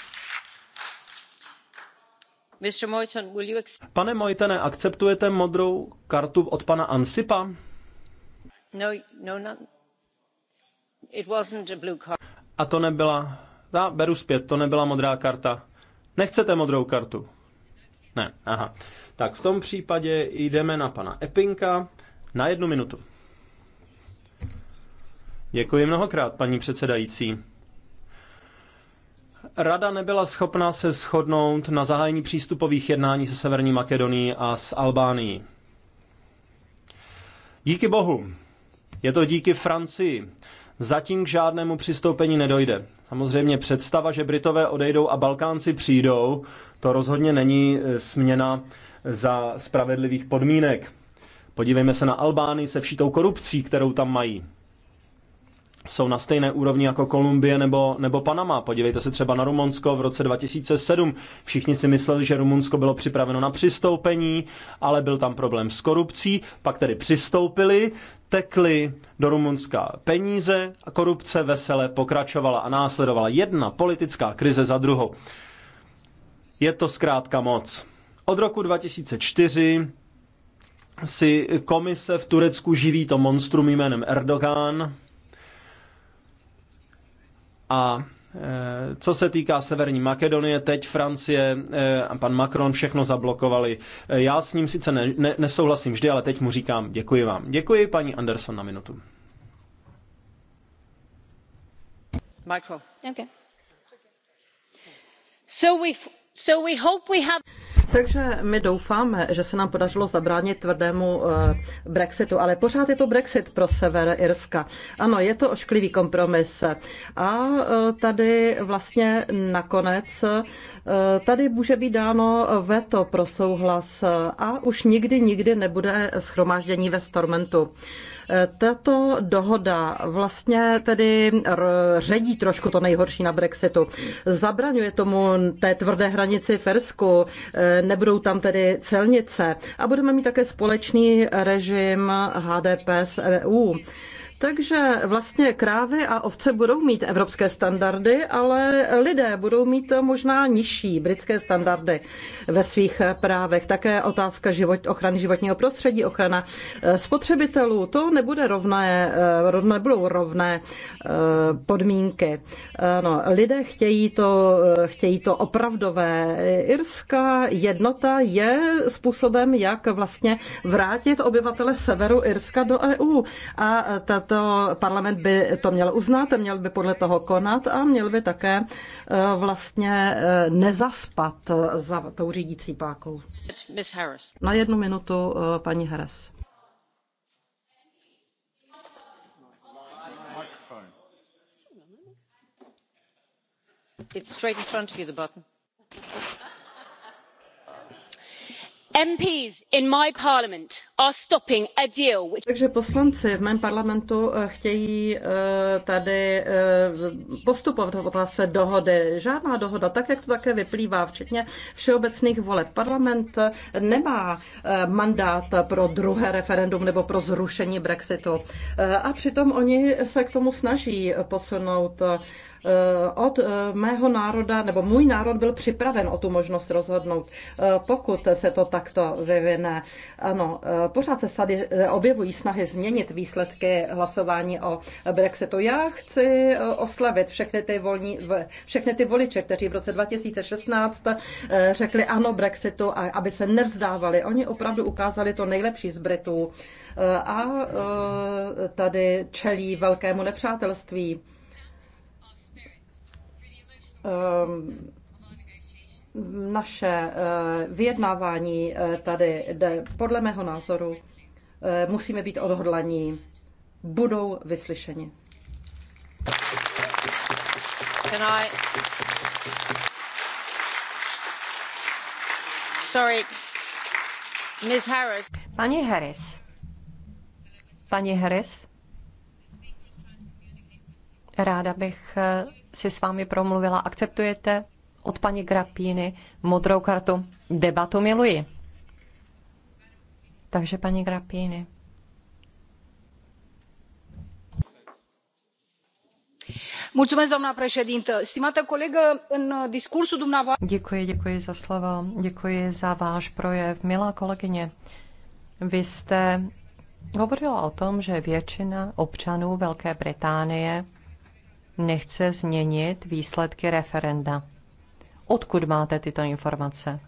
Pane Mojtene, akceptujete modrou kartu od pana Ansipa? No, no, no, It wasn't a blue card. A to nebyla... Já beru zpět, to nebyla modrá karta. Nechcete modrou kartu? Ne, aha. Tak v tom případě jdeme na pana Epinka na jednu minutu. Děkuji mnohokrát, paní předsedající. Rada nebyla schopna se shodnout na zahájení přístupových jednání se Severní Makedonií a s Albánií. Díky bohu, je to díky Francii. Zatím k žádnému přistoupení nedojde. Samozřejmě představa, že Britové odejdou a Balkánci přijdou, to rozhodně není e, směna za spravedlivých podmínek. Podívejme se na Albány se vší tou korupcí, kterou tam mají jsou na stejné úrovni jako Kolumbie nebo, nebo Panama. Podívejte se třeba na Rumunsko v roce 2007. Všichni si mysleli, že Rumunsko bylo připraveno na přistoupení, ale byl tam problém s korupcí, pak tedy přistoupili, tekly do Rumunska peníze a korupce vesele pokračovala a následovala jedna politická krize za druhou. Je to zkrátka moc. Od roku 2004 si komise v Turecku živí to monstrum jménem Erdogan, a eh, co se týká Severní Makedonie, teď Francie eh, a pan Macron všechno zablokovali. Eh, já s ním sice ne, ne, nesouhlasím vždy, ale teď mu říkám děkuji vám. Děkuji, paní Anderson, na minutu. Michael. Okay. So we, so we hope we have... Takže my doufáme, že se nám podařilo zabránit tvrdému eh, Brexitu, ale pořád je to Brexit pro sever Irska. Ano, je to ošklivý kompromis. A eh, tady vlastně nakonec, eh, tady může být dáno veto pro souhlas a už nikdy, nikdy nebude schromáždění ve Stormentu. Tato dohoda vlastně tedy ředí trošku to nejhorší na Brexitu. Zabraňuje tomu té tvrdé hranici Fersku, nebudou tam tedy celnice a budeme mít také společný režim HDP s EU. Takže vlastně krávy a ovce budou mít evropské standardy, ale lidé budou mít možná nižší britské standardy ve svých právech. Také otázka život, ochrany životního prostředí, ochrana eh, spotřebitelů, to nebude rovné, eh, nebudou rovné eh, podmínky. No, lidé chtějí to, chtějí to opravdové. Irská jednota je způsobem, jak vlastně vrátit obyvatele severu Irska do EU. A ta to parlament by to měl uznat, měl by podle toho konat a měl by také eh, vlastně eh, nezaspat za tou řídící pákou. Na jednu minutu eh, paní Harris. It's straight in front of you, the button. Takže poslanci v mém parlamentu eh, chtějí eh, tady eh, postupovat v otázce dohody. Žádná dohoda, tak jak to také vyplývá, včetně všeobecných voleb. Parlament nemá mandát pro druhé referendum nebo pro zrušení Brexitu. A přitom oni se k tomu snaží posunout Eh, od eh, mého národa, nebo můj národ byl připraven o tu možnost rozhodnout, eh, pokud se to takto vyvine. Ano, pořád se tady objevují snahy změnit výsledky hlasování o Brexitu. Já chci oslavit všechny ty, volní, všechny ty voliče, kteří v roce 2016 řekli ano Brexitu a aby se nevzdávali. Oni opravdu ukázali to nejlepší z Britů a tady čelí velkému nepřátelství. Ehm, naše eh, vyjednávání eh, tady jde, podle mého názoru, eh, musíme být odhodlaní, budou vyslyšeni. Can I... Sorry. Ms. Harris. Pani Harris. Pani Harris. Ráda bych si s vámi promluvila. Akceptujete od paní Grapíny modrou kartu? Debatu miluji. Takže paní Grapíny. doamna președintă stimată colegă în discursul dumneavoastră. Děkuji, děkuji za slovo, děkuji za váš projev. Milá kolegyně, vy jste hovořila o tom, že většina občanů Velké Británie nechce změnit výsledky referenda. Odkud máte tyto informace?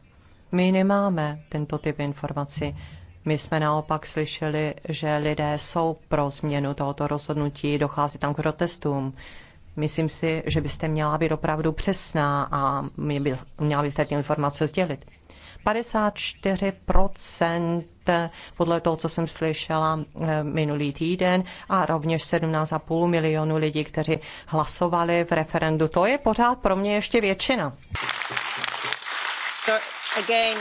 My nemáme tento typ informací. My jsme naopak slyšeli, že lidé jsou pro změnu tohoto rozhodnutí, dochází tam k protestům. Myslím si, že byste měla být opravdu přesná a měla byste ty informace sdělit. 54% podle toho, co jsem slyšela eh, minulý týden a rovněž 17,5 milionu lidí, kteří hlasovali v referendu. To je pořád pro mě ještě většina. So again,